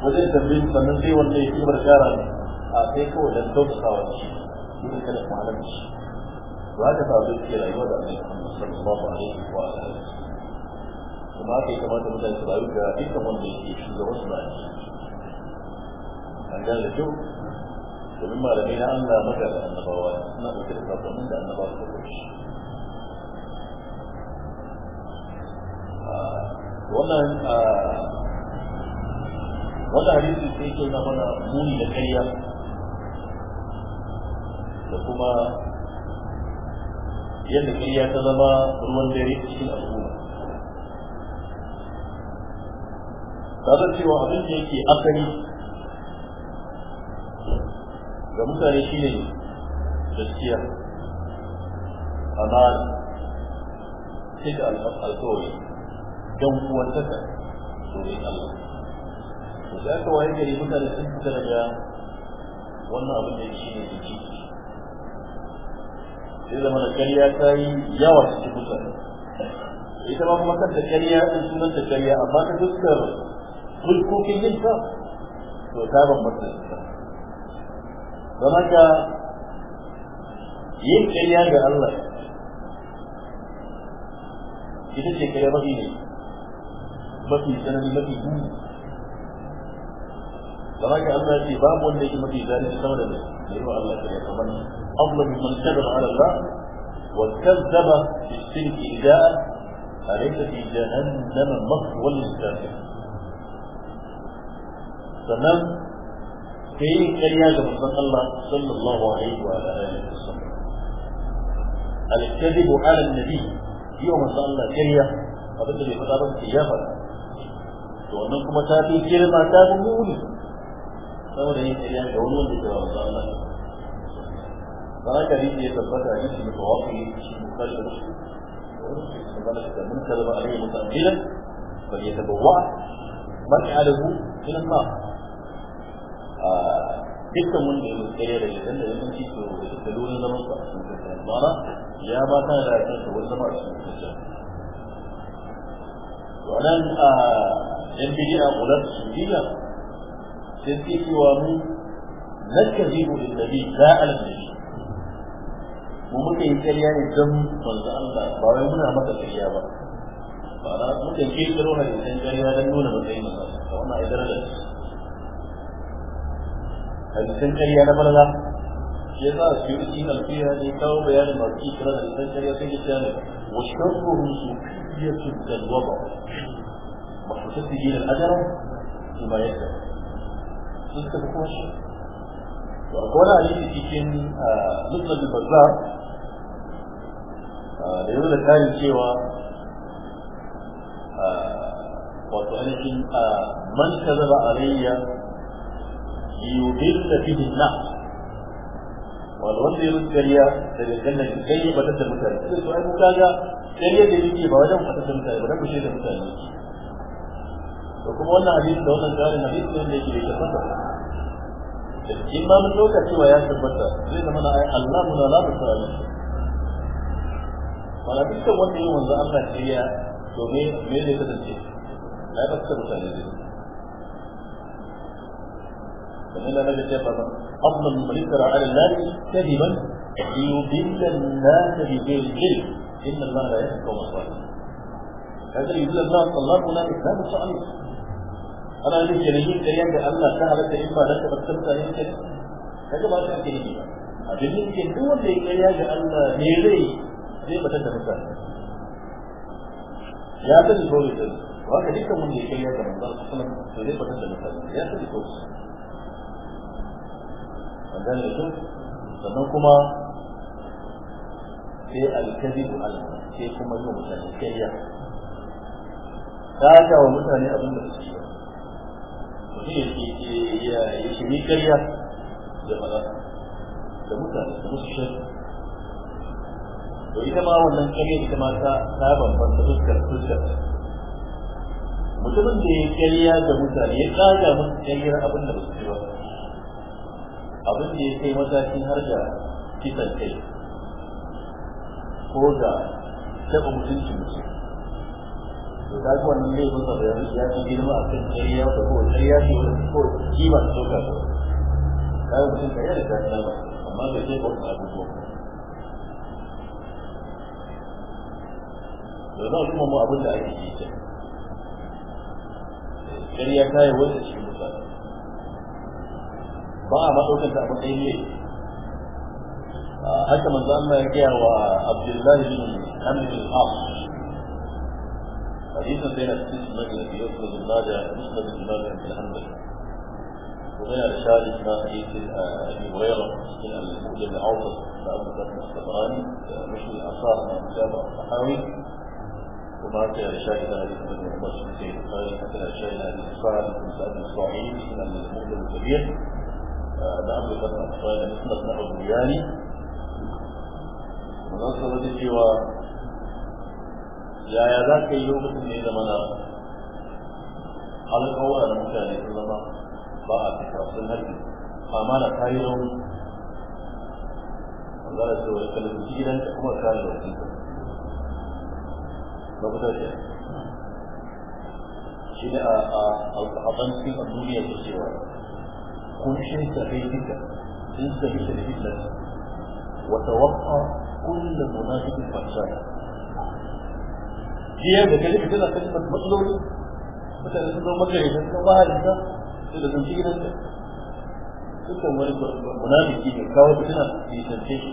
ba zai tambayi sannan zai wanda ya kimar ne a sai kawai don tausasawa shi yin kada kuma halarci ba ta sa zai ke rayuwa da annabi sallallahu alaihi wa alihi kuma haka ya kamata mutane su rayu ga dukkan wanda yake shugaban su na ji an gane da kyau domin malamai na an maka da annabawa suna ɗauke da sakonnin da annabawa su ɗauke wannan wannan hadisi sai yake na mana muni da ƙarya da kuma yadda ƙarya ta zama ruwan dare cikin al'umma zan cewa abin da yake asali ga mutane shine gaskiya amana sai da alƙawari don kuwantaka domin Allah da aka waye gari mutane sun fitar da wannan abin da yake ne jiki sai zama da ƙarya ta yi yawa cikin mutane ita ma kuma kanta ƙarya sun sunan ta ƙarya amma ta fuskar hulkokin yin ta to ta bambanta da don haka yin ƙarya ga Allah ita ce ƙarya mafi ne mafi tsanani mafi gudu don haka Allah ya ce babu wanda yake mafi zalunci sama da mai yi wa Allah kare kamar Allah min man kadaba ala Allah wa kazzaba bi shirki idza alaysa fi jahannama maswal kafir sannan sai yin ƙarya ga manzon Allah sallallahu alaihi wa alihi wasallam al-kadhibu ala an-nabi yau manzon Allah ƙarya abin da bai faɗa ba ya faɗa to wannan kuma ta fi girma ta fi muni saurayin shirya ga wani wanda ke wa manzo Allah ba za ka rike ya tabbata ne shi mutawafi shi mutane da shi magana da mun kalma alayhi mutaqila bal yatabawwa mar'alahu ila Allah dukkan wanda ya mutsare da idan da mun ci to da lura zaman sa a cikin kansa ya ba ta da ta wani zama a cikin kansa to anan yan bidi'a ulat bidi'a sai cewa mu nakazibu lillahi la ala nabi mu muka yi ƙarya ne don manzo Allah ba wai muna maka ƙarya ba ba na muka ke karo na idan ƙarya don nuna matsayin sa wannan ai daraja ce hadisan ƙarya na barza shi yasa su yi cikin alfiya ne kawo bayanin masu kira da hadisan ƙarya sun gita ne wa shakkuhum su fiye su dalwaba ba su tafi yin al'ajara su ba yadda sun suka kuma shi wa kona ne cikin ah, musulun bazza ah, da yau da kayan cewa ah, wato ainihin man kazaba ya da dangane da kai ba ta mutane sai to ai kaga sai yadda yake ba wajen mutane ba dan mutane da kuma wannan hadisi da wannan tsarin hadisi ne da yake da tabbata da cikin ma mun doka cewa ya tabbata zai zama na Allah mun la ta tsaya wala dukkan wanda yayin wanzu Allah ce ya domin me ne ta dace ai ba ta mutane ne kamar da nake cewa ba afdal malikara ala Allah kadiban yudilla an-nas bi ghayri inna Allah la yahdi al-zalimin هذا يدل الله صلى الله عليه وسلم إسلام الصعيد ana yin kenan yin ƙarya da Allah ta halatta in ba na taɓa tsarta kai, ke kaga ba ta ake yi a dukkan ke duk wanda ya ƙarya ga Allah ne zai zai bata da mutane ya sani ko bai sani ka dukkan wanda ya ƙarya ga Allah sallallahu alaihi wasallam zai bata da mutane ya sani ko an gane su sannan kuma sai alkazibu ala sai kuma yi wa mutane ƙarya ta ga wa mutane abin da suke mutum ya shiri karya da faɗa da mutane da musu shan da ita ma wannan karya ita ma ta ta bambanta fuskar fuskar mutumin da ya karya da mutane ya ƙaga musu karyar abin da ba su ba abin da ya kai matakin har da kisan kai ko da taɓa mutuncin mutum da ga wannan ne ba da ya ji girma a kan kariya da ko kariya ce ko kiwa to ka ko da ga mutum kariya da ta ba amma da ke ba a dubo da za kuma mu abin da ake yi kariya ta yi wata cikin mutane ba a maɗaukar da abin ɗaya ne haka manzo Allah ya kiyawa Abdullahi bin Amr bin As حديثا بين السيس الذي يطلب المادة مسند الإمام أبي الحنبل وبين الشاهد ما حديث آه، أبي هريرة من بن الأوسط فأبو بكر الصبراني آه، مشي الآثار من كتاب الصحاوي وما كان شاهد حديث ابن عمر بن سعيد البخاري حتى شاهد حديث سعد بن سعد إسماعيل من المؤلم الكبير أن آه، أبو بكر الصبراني مسند نحو البياني ونصر الجوار يا يا ذاك يوم من زمان هل هو انا مشاني صلى الله بعد كرس الهدى فمانا خيرون الله سوى كل جيلا كما كان الوحيد لابد أن شيء ااا آه، آه، الأبان في الدنيا تسوى كل شيء سعيدك إنسى بشريك الله وتوقع كل مناسب فحشاك jiya da kaje kaje ka ji matsaloli mutane sun zo maka ne sun ba da ta sai da sun ci gidan dukkan wani ki ne kawo fitina da tantance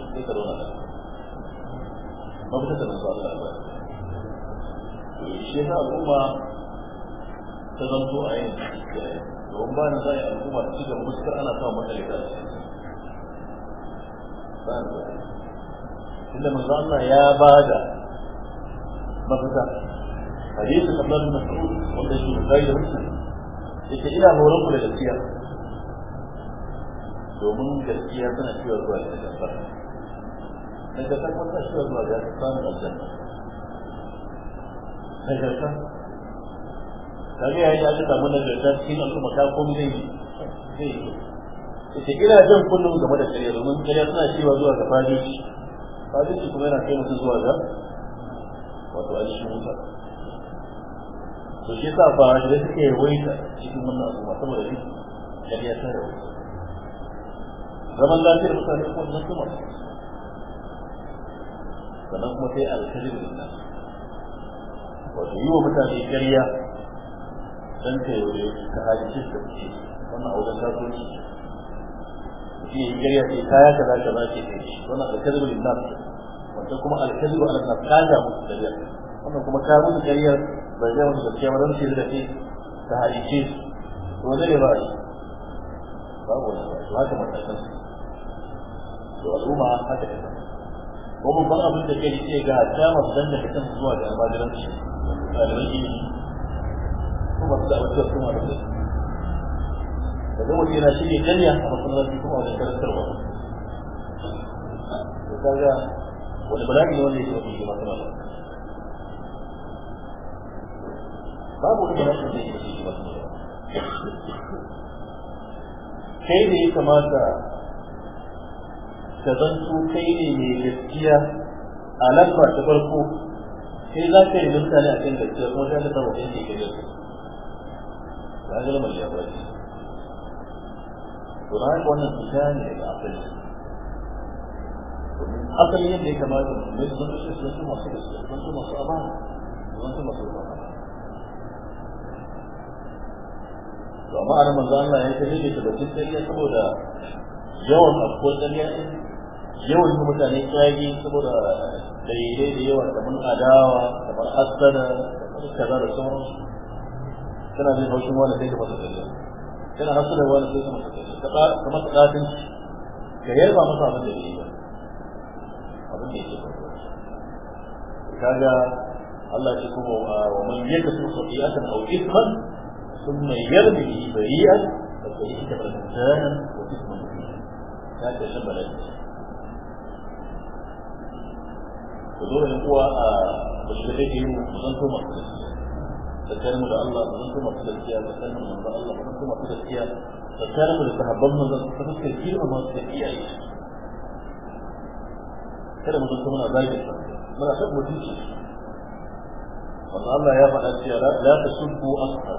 shi sai ka zauna ba ba ta nan ba Allah ba shi na al'umma ta zanto a yin domin ba na zai al'umma ci gaba muskar ana sa mata da tunda manzo Allah ya bada mafita su kamar na su wanda shi da zai rubuta yake ina horon ku da gaskiya domin gaskiya tana cewa zuwa da ga kafar daga ta kwanta cewa zuwa ga Ta aljanna na ta kage yayi da aka samu daga ta cikin al'umma ta komai zai yi zai yi ita ina jan kullum game da kare domin kariya suna cewa zuwa ga fadi fadi kuma yana kai mutum zuwa da. wato alishin wuta to shi sa shi da suke yawaita cikin wannan abu masu ne kariya ta yau zaman lafiyar mutane ko na kuma sannan kuma sai alkalin nan wato yi wa mutane kariya dan ta yau, ta hajji da kuke wannan auren zo shi yi kariya sai kaya kaza kaza ke kai wannan alkalin nan wanda kuma alkazibu ala nas ka ga musu wannan kuma ka musu ƙarya bai zai musu gaskiya ba don su yi zafi ta halice to wanda ba shi babu wani ba shi matakan su to al'umma haka ta kasa ko babban abin da kai ce ga ta masu da kan zuwa ga almajiranci kuma su da abin da su ma da su da mutum yana shirya janya a masallaci kuma wajen karantarwa. Kaga wani bala'i ne wanda ya shiga cikin masu masu babu wani bala'i wanda ya shiga cikin masu kai ne ya kamata ka zanto kai ne mai gaskiya a lamba ta farko sai za ka yi mutane a kan gaskiya kuma ta samu ɗan ke gajiyar ba ga lamar ya ba ce. Turai wannan fita ne da afirka. asalin yadda ya kamata ne su zama shi su masu da su masu amana zama masu amana to amma ana manzo Allah ya kai shi da cikin sai saboda yawan akwai dariya yawan mutane kyagi saboda daidai da yawa kamar adawa kamar hasada kamar kaza da sauransu kana jin haushin wani sai ka masa dariya kana hasada wani sai ka masa dariya kamar tsakatin ka yarba masa abin da yake abin da yake kaga Allah ya kuma wa man yakasu khati'atan aw ithman thumma yarmi bi bari'an fa kadhi kama insanan wa ithman kaga shabala ku zo da kuwa a mushrikai ke yin kusan to masu gaskiya tsakanin da Allah kusan to masu gaskiya tsakanin manzo Allah kusan to masu gaskiya tsakanin da sahabban manzo ta fuskar kima masu gaskiya kada mu zama muna zagin sa muna son mutunci wanda Allah ya faɗa cewa la tasubbu asfar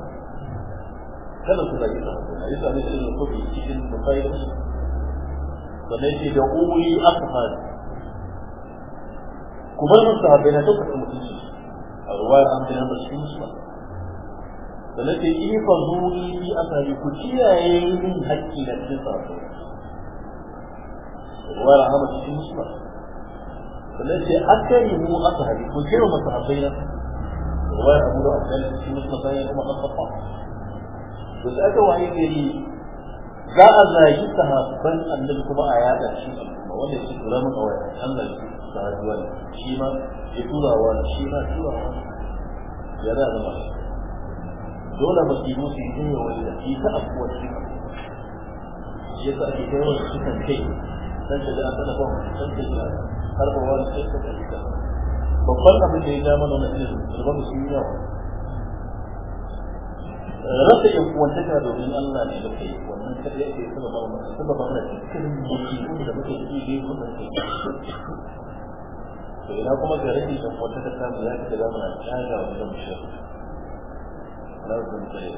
kada ku zagi sa hadisi ne cikin kudi cikin bukhari sannan ce da uli asfar ku bar mun sahabbai na tabbata mutunci a ruwayar an bayyana da cikin su da nake yi fa zuri bi asali ku kiyaye min haƙƙi na cikin sahabbai ruwayar Ahmad cikin su فلسي أكري هو أصحابي كل شيء ما تحصينا رواية أبو له أسألة في مصنة ثانية وما قد تطعنا بس أدو عيب يلي جاء زاجتها بل أن نلتبع عيادة شيء وانا يسي كلاما قوية أن الزاجوان شيما يتولى وانا شيما شيما وانا يلا هذا ما دولة مسلمون في الدنيا وإلى في سأف والشيما يسأل كيف يوجد شيئا كيف تنشد أن تنفع تنشد أن تنفع har ba wani sai ka tsari kaza babban abin da ya ja mana wannan ilimin zurban su yi yawa rasa yan kuwantaka domin Allah ne da kai wannan kada yake saba ba wannan saba ba wannan cikin mutum da muke yi ne wannan kai to ina kuma ga rashi yan kuwantaka ta mu ya ka da mana kaga wannan mushrik lazim kai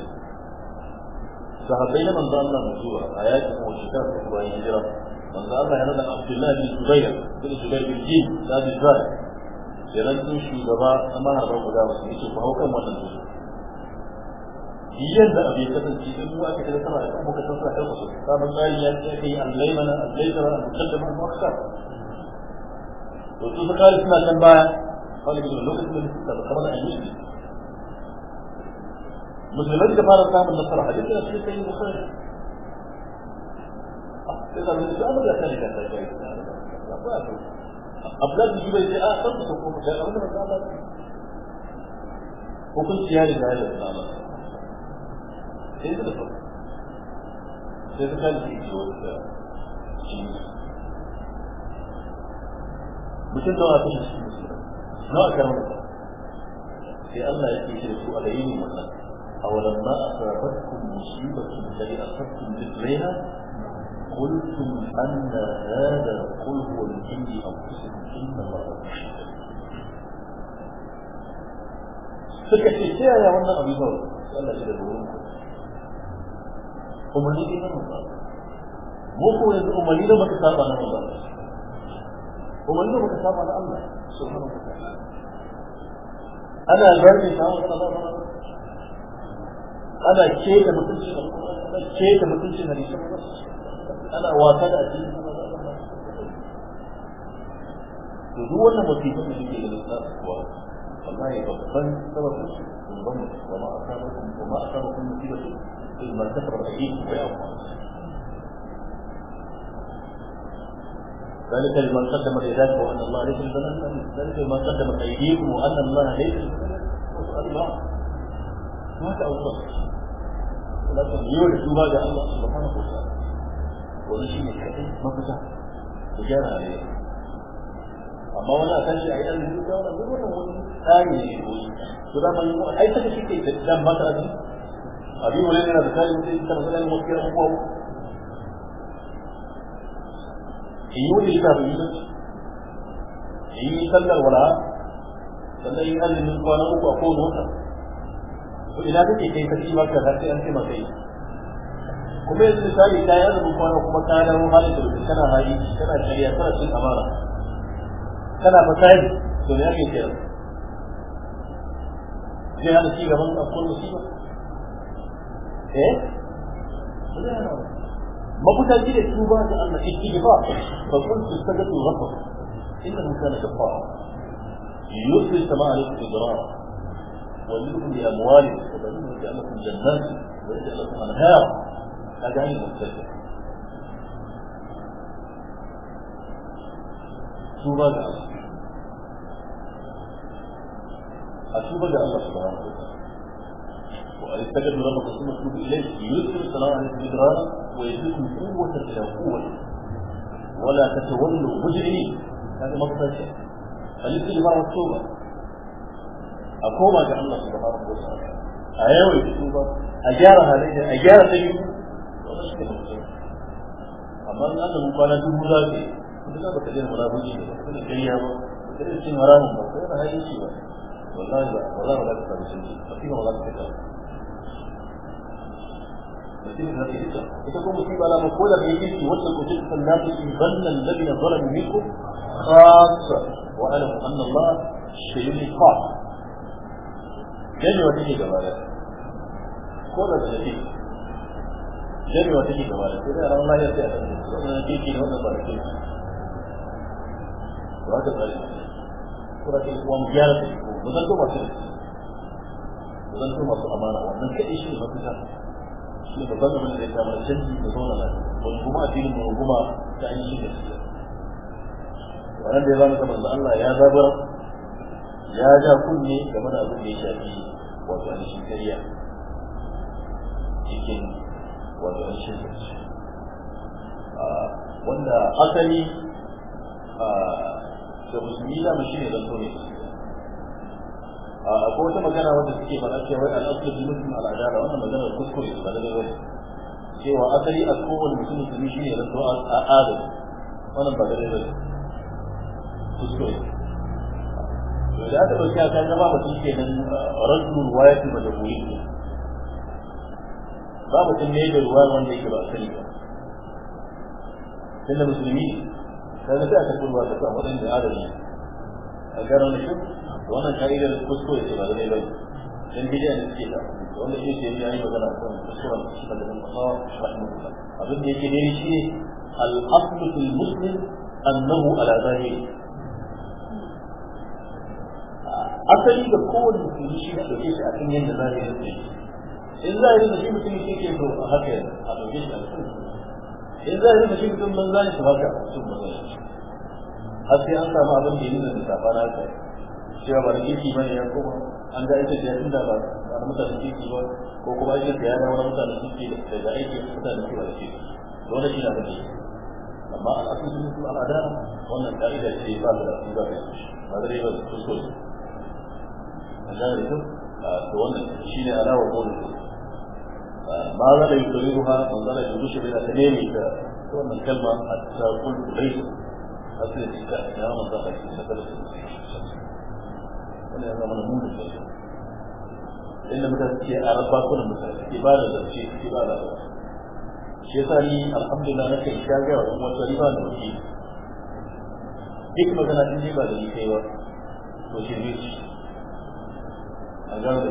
sahabbai da manzo Allah zuwa ayatin mushrikan su bayan hijira manzo Allah ya rada Abdullah bin Zubair bin Zubair bin Jin da bin Zaid ya rantsu shugaba na maharba guda wasu yake ku hau kan wannan dutse yadda abin kasance in mu aka kada sama da kuma ka tsara kai wasu sabon tsari ya ce kai al-laymana al-laydara al-muqaddama al-muqaddam to su suka kare suna kan baya wani bin lokacin da suka kamar an yi musulmai da fara samun nasara a dukkan sai sai bukhari تسأل من سؤال ولا ثاني كان تجاي أبلاد يجيب إذا آخر تصفوك جاء أولا مسألة وكل سياري جاهلة مسألة كيف تصفوك كيف كان في جوة mutum nawa ta shi nawa kan mutum sai Allah yake ce su a yayin wannan awalan ma asrafatkum musibatu sai asabtum bidraha قلتم أن هذا قل هو من إن الله suka ce ta yaya wannan abu zau Allah shi da gurin umarni ne nan ba mu ko yanzu umarni da baka saba saba na Allah subhanahu wa ta'ala ana albarki ta Allah ana ke da mutunci da ke da mutunci da rishi أنا ما دين هو اللي مسيبين جدي إلى الإسلام أكبر الله يتبقين سبب الشيء من ضمن وما أصابكم وما أصابكم مسيبة في من سفر الرحيم في أوقات ذلك لمن قدم الإذاك وأن الله ليس لنا ذلك لمن قدم أيديكم وأن الله ليس لنا هذا ما تأوصل لكن يولد ما جاء الله سبحانه وتعالى domin shi ne kaɗai mafita ku gyara ne amma wani a shi a yi ɗan zuciya wani zuwa wani tsari ne ko shi to da ma yi kuma ai saka shi ke da dan ba ta abin wani yana da ta rasu da mafi yaran in yi wani littafin yi in yi sallar wala sannan yi azumin kwanan uku a kowane wata ina kake kai ka ci maka har sai an ce maka yi kuma yanzu misali ta yi azumin kwana kuma ta ka dawo halin da mutum tana hali kana shari'a kana cin amana kana fasari to ne ake kira zai hana ci gaban shi ba. eh mabuta ji da tuba da Allah ki ci ba ta fa kuntu sadatu rabbuk innahu kana shaffara yusri sama'a lakum idrar wa yurkum bi amwalikum wa yurkum bi amwalikum jannat wa yurkum ya anhar مدني مختلفة توبة لله أتوب الله سبحانه وتعالى ويستجب من الله تصوم التوب إليه يذكر صلاة على الإدراك ويزيدكم قوة إلى قوة ولا تتولوا مجرمين هذا مصدر شيء فليس لبعض التوبة أقوم على الله سبحانه وتعالى أيوة التوبة أجارها ليس أجار سيدي shi ke amma in aka mun kwana dubu za ka yi duk ba ka je murabuci ba ka da kariya ba ka da cin haramun ba ka da hayin shi ba wallahi ba wallahi ba ka samu sun ji ba kima ba ka samu تكون مصيبة على مقولة بيجيكي وصلت وتلك الناس ظن الذين ظلموا Allah خاصة وأعلم أن الله شيء خاص جنة وتجي جمالات كل ذلك jarewa take gaba da sai da ran lahiyar sai a san wannan kirki ne wannan ba da kirki ba ta tsare kuma ta yi wani gyara ta ko zan koma sai ba zan koma su amana wannan kai shi ne mafita shi ne babban abin da zai samar canji da zauna lafiya wani kuma mu ta yi shi da ya Allah ya zabar ya ja kunne game da abin da ya shafi cikin wato an ce. wanda asali da musulmi da mashi ne zanto ne akwai wata magana wanda suke faɗa cewa wai da bi muslim da wannan magana kuskure ba da dai cewa asali a kowane mutum musulmi shi ne zanto al'adala wannan ba da dai kuskure da ta dauki akan gaba mutum kenan rajul wayatu majhuli babu tun ne da ruwa wanda yake ba sani ba tunda musulmi sai da aka kurwa da kan wadannan adalci a garin shi wannan ka'idar kuskure ce ba da dai dan bidiya ne suke da wanda shi ke yi ba magana kan kuskuren shi da kuma kawo rahmatullah abin da yake ne shi al-aslu fil muslim annahu ala zahiri asali ga kowane musulmi shi da dauke shi a kan yadda zahirin sa yake in za a yi mutum shi ke so a haka a ɗauke shi in za a yi shi mutum ban za shi haka mutum ban za shi har sai an samu abin da yi da lissafa na haka cewa ba da kirki ba ne ya koma an ga aikin da ya tunda ba da mutanen kirki ba ko kuma aikin da ya dawo na mutanen kirki da da aikin mutanen kirki ba da kirki dole shi na bane amma al'asun sun mutu al'ada wannan ka'ida ce ba da lafi ba da shi ba da riba da kuskure. Allah ya da wannan shi ne alawar bonus ما زال يكررها من زال يدوش بين تنامي wannan kalma a ta kullu bai a sai da ita ya masa a cikin sakalar su wani ya zama mun da shi inda mutane ke a rabba kuna mutane ibada da ce ibada da shi yasa ni alhamdulillah na kai ta ga wani wata riba da magana din ba a gano da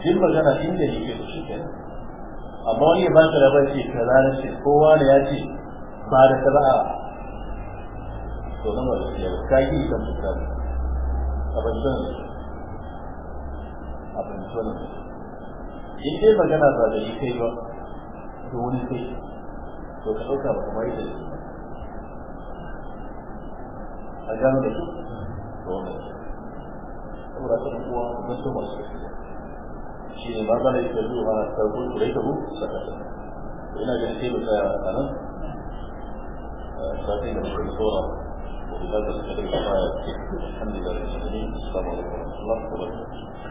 duk magana da ne ke shi ke amma wani ya ba ka labar ce ka ranar ce kowa da ya ce ba da ta kaza a to nan wanda ya ka yi kan mutum abin son abin son in dai magana ba da yi kai ba to wani kai to ka ɗauka ba kuma yi da ne a gano da shi to wannan saboda kan kuwa wasu masu shi ne ba za da ita zuwa na sarkun turai da hutu sakasa ina ganin sai muka a nan sati da mutum tsora وإذا تسأل الله الحمد لله السلام عليكم ورحمة الله وبركاته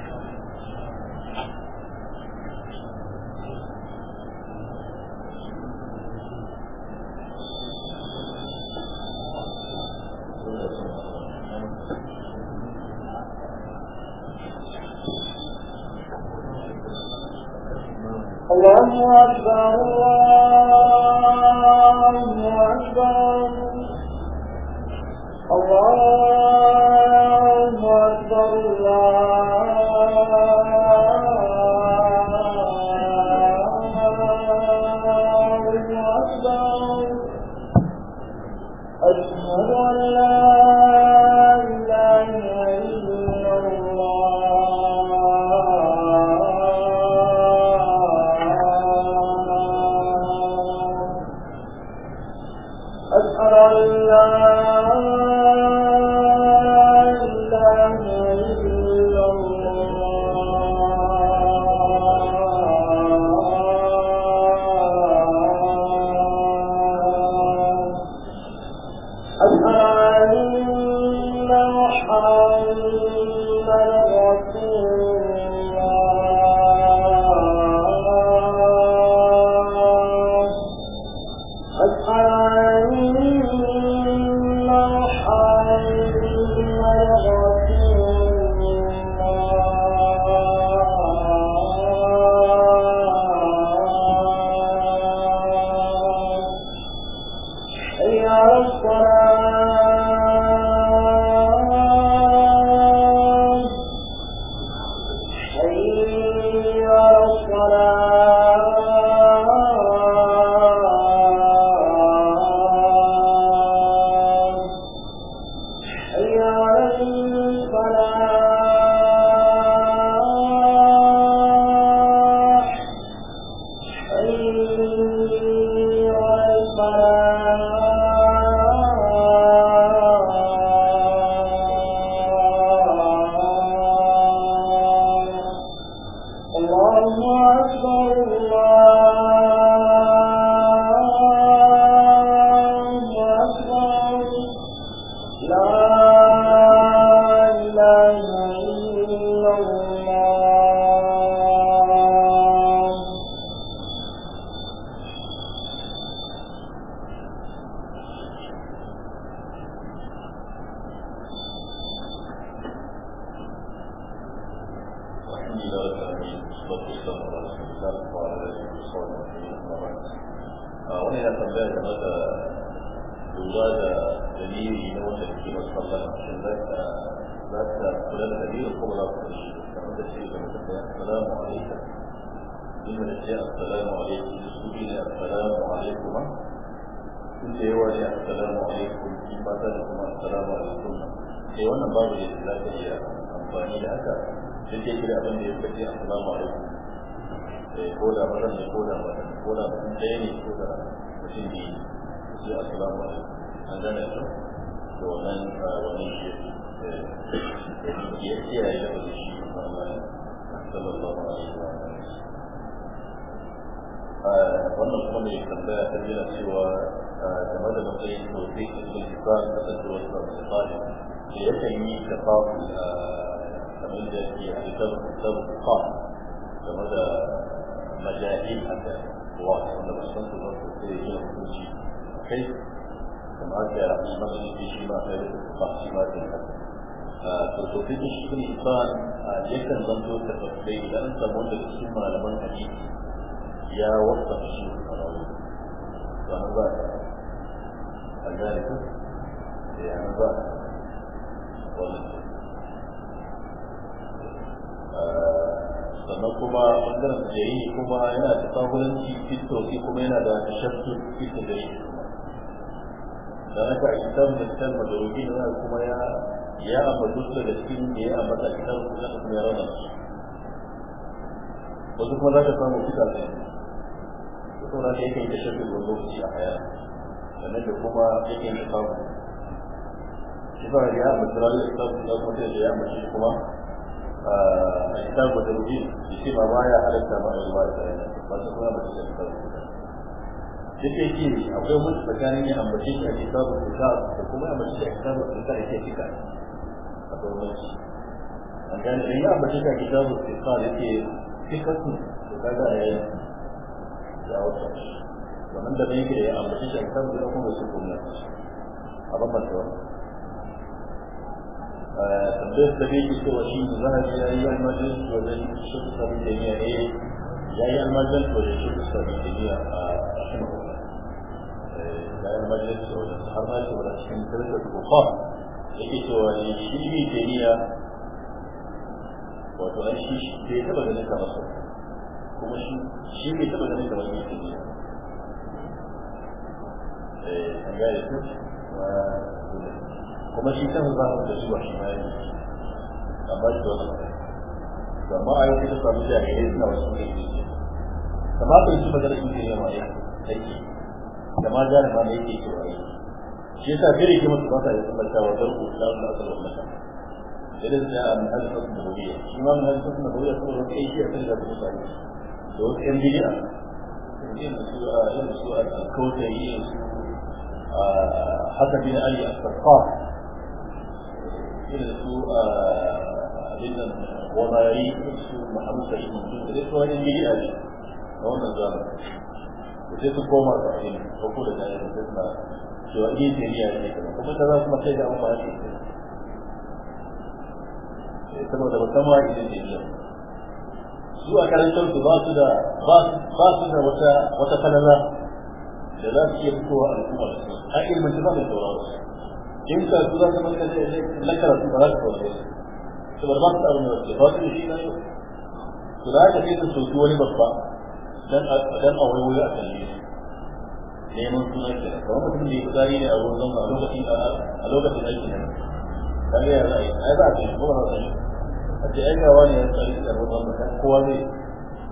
عند مسجد شيما تقسيمات sosai da shi ne ba yakan zanto da tafsai idan an samu wanda cikin malaman hadisi ya wasa shi a rawu to an ba ta aljanna ko ya an ba sannan kuma ɓangaren jayi kuma yana da tsagulanci fitoki kuma yana da shakki fitoki da haka idan mutum madauki na kuma ya ya da cikin da ya amma idan kuma da kuma ya rana wasu kuma za ka samu kuka ne wasu na yake da shirin da lokaci a haya sannan da kuma yake da samu shi ba ya kuma kuma da ya ambaci kuma a idan madauki shi ma baya halitta ba a yi ba da ba su kuma ba su duk da akwai wani tsakanin ya ambace shi a kitabu kitab da kuma ambace shi a kitabu kitab yake fika a domin shi an gane da ya ambace shi a kitabu kitab yake fikatun da kaga ya ya wata wannan da yake da ya ambace shi a kitabu da kuma su kuma a bambanta wannan tambayar da bai ke wa shi zahabi ya yi almajin wajen shirka sabon jami'a ne eh, ya yi almajin wajen shirka sabon jami'a a المجلس ولا الحرمات ولا شيء ثلاثة الكفار yake cewa ne shi ne jami'a wato an shi shi bai taba ganin ka masa kuma shi shi bai taba ganin ka wani yake ne eh an ga yake kuma shi kan za da zuwa shi ma yake amma shi da wannan amma a yake da samu jami'ai suna wasu ne kamar da shi magana shi ne ma ya aiki da ma gane ma me yake cewa shi yasa gare ki mutu mata ya yi tabbata wa darku da Allah ta rubuta maka irin da an halitta da rubiya shi ma an halitta da rubiya ko da kai shi akan da rubuta ne to yan bidiya yin su a ah, yin su a ah, kauta yin su a ah, haka bin ali as-safa irin su a irin wani su mahamudu ibn da su wani bidiya ne a wannan zamanin sai sun koma ga addini ko da zai da suna cewa eh, iya jiniya ne kuma ta za su mace da amma ne eh, saboda ba sama iya jiniya su a karantar su ba su da ba su da wata wata falala da za su iya fitowa a al'umma a ilmin ta zama da wasu in ka su za su mace da na karatu ba za su kawo su ba su da su ba su da shi na yau su za ka fi da su wani babba dan a wani wuri a kalle shi neman suna ke kamar mutum da ya fitsari ne a wurin zama a lokacin a lokacin aiki ne kan ga yanzu ai ai za a tashi kuma ba shi a ce ai gawa ne ya tsari da wurin zama kan kowa zai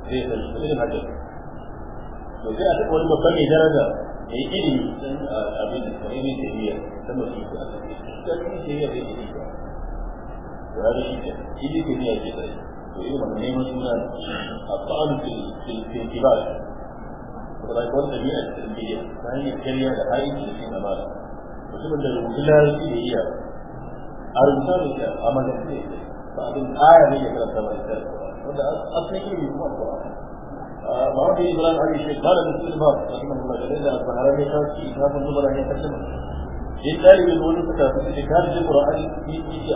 zai tashi da irin haka to sai a taɓa wani babban mai daraja ya yi ilimi dan abin da kamar ne da iya dan mutum da aka ce shi da kuma shi ya zai yi ba wani shi ke ilimi ne ya ke tsari to irin wannan neman suna a tsarin filkibar da ba kawai da niyyar tarbiyya ta hanyar kariya da haiti da cin amana mutumin da rubutun larabci da iya a rubuta da iya a malamta ya ba abin aya ne ya karanta ba da wanda asalin ilimi kuma ba wanda ya zura ali shi da mutum ba rahimahullah da da bahara ta ci ta san zubara ne ta ci qur'ani ni a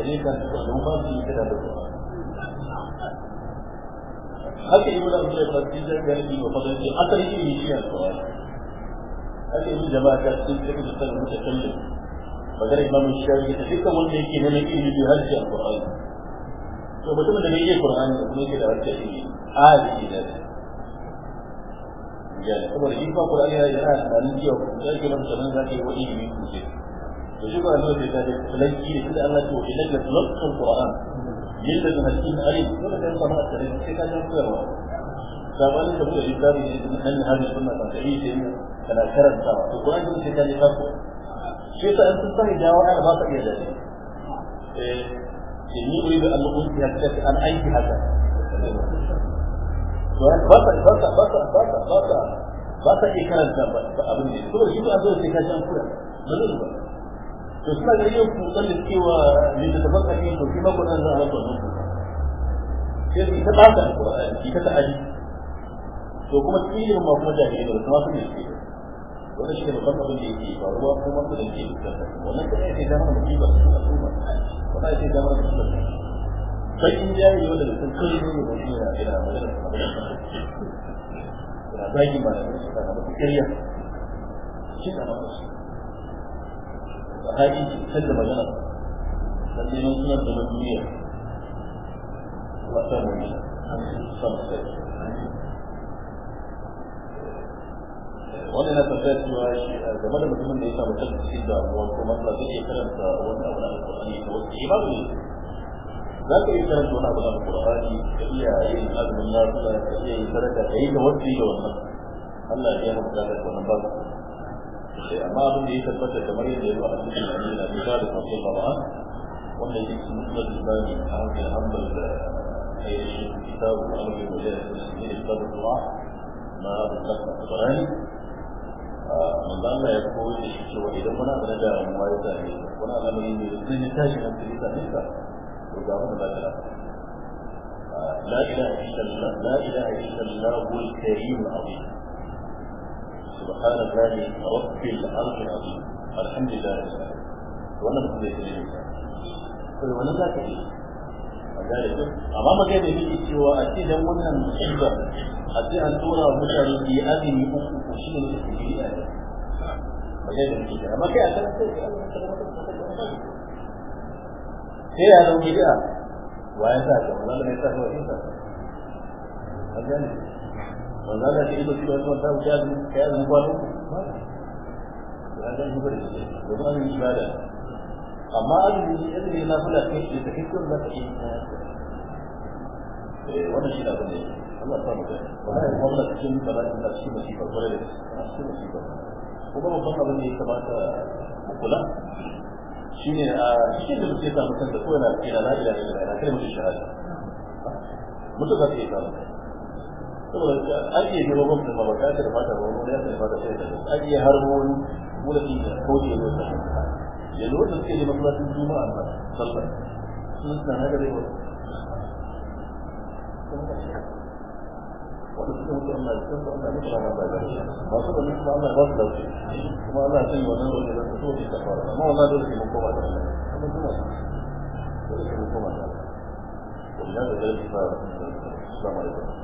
da yi haka yi wani abu da fasiri da ya yi wa fadar ce asali shi ne shi ya kawo haka yi jama'a ta cikin cikin da sanar da kallon magana imamu shari'a da dukkan wanda yake neman ilimi da harshe a ƙwarai to mutumin da bai iya ƙur'ani da kuma yake da harshe ilimi a yake da shi ya saboda shi ba ƙur'ani ya yana tunanin cewa ya ke nan sanar za ka yi wa ilimi sosai to shi ƙur'ani wanda ya ta da filanki da shi da Allah ce wa ilaka tulakkan ƙur'ani yadda da hakim alim dole sai ka fara tare sai ka san koyarwa sabani da buɗe littafi ne da nan hadin sunna ta kai kana karanta to ko an sai ka ji ka shi ta ana ba ka iya da eh inni uridu an an aiki haka to ba ta ba ta ba ta ba ta ba ta ba ta iya karanta ba abin ne to shi ba sai ka koyarwa ba to suna da yin kusan da cewa littattafan addini to kuma ma kuɗin za a rasa wannan sai su ta ɓata alƙur'ani ta ta'adi to kuma ilimin ma kuma jami'ai da kuma su ne su shi ne babban abin da yake faruwa kuma su da ke wannan kaɗai sai dama da kibar su a kuma kuma sai da kibar su sai in yi yau da mutum kai ne ba shi ne a gida da kuma da zagi ma da su kana ta kariya shi kana da su sahabi ki fitar da magana dan neman sunan da duniya wata ne an san sai wannan na tabbata cewa shi eh, game da mutumin da ya samu kansa cikin damuwa ko matsala zai iya karanta wani abu na alƙur'ani ko wani imanu ne za ka iya karanta wani abu na alƙur'ani ka iya yin azumin lafiya ka iya yin sadaka ka yi da wanda ya wannan Allah ya yi maka da wannan babu sai amma abin da ya tabbata kamar yadda ya zo a cikin hadisi na Bukhari da Muslim ba wanda yake cikin Muslim Bukhari a hankali hanbal da ayyukan kitabu da sunan mujahid da sunan kitabullah na Abu Bakr al-Qurani manzo Allah ya koyi da shi cewa idan muna da damuwa ya tare wani al'amari ne da zai tashi na tsirita ne ka to ga wannan da ta لا إله إلا الله لا إله إلا الله الكريم العظيم سبحان الله رب العرش العظيم الحمد لله رب العالمين wannan mutum zai yi to wannan zaka yi a gare ku amma magai da yake cewa a ce dan wannan musulma a ce an tura wa mutane yi azumi uku ko shi ne su yi a magai da ya wannan ba za ka ce ido cikin wasu wata wuce azumi ka yi azumi kwano ya ga ni bari domin azumi ibada amma azumi azumi na kula kai shi da kike za ka yi eh wannan shi da bane Allah ta mutu wannan wannan cikin bala'in da shi musibar gore da shi musibar kuma babban abin da ya kamata mu kula shine a cikin da muke samu kanta ko yana cikin la ilaha illallah kana mutum shahada mutum zai yi karatu saboda ake yi ba mutum ba ka da fata ba wani ya da fata sai da ake har wani mulki da kauce ne da ya zo da suke da masallacin juma'a ba sallah sun san haka dai wani wanda suka mutu Allah sun san Allah ne kuma ba da shi ba su da ne kuma Allah ba su da shi kuma Allah ya sanya wannan wanda zai so shi ta fara amma wannan dole ne mun koma da Allah amma kuma dole ne mun koma da Allah wallahi da zai fara assalamu alaikum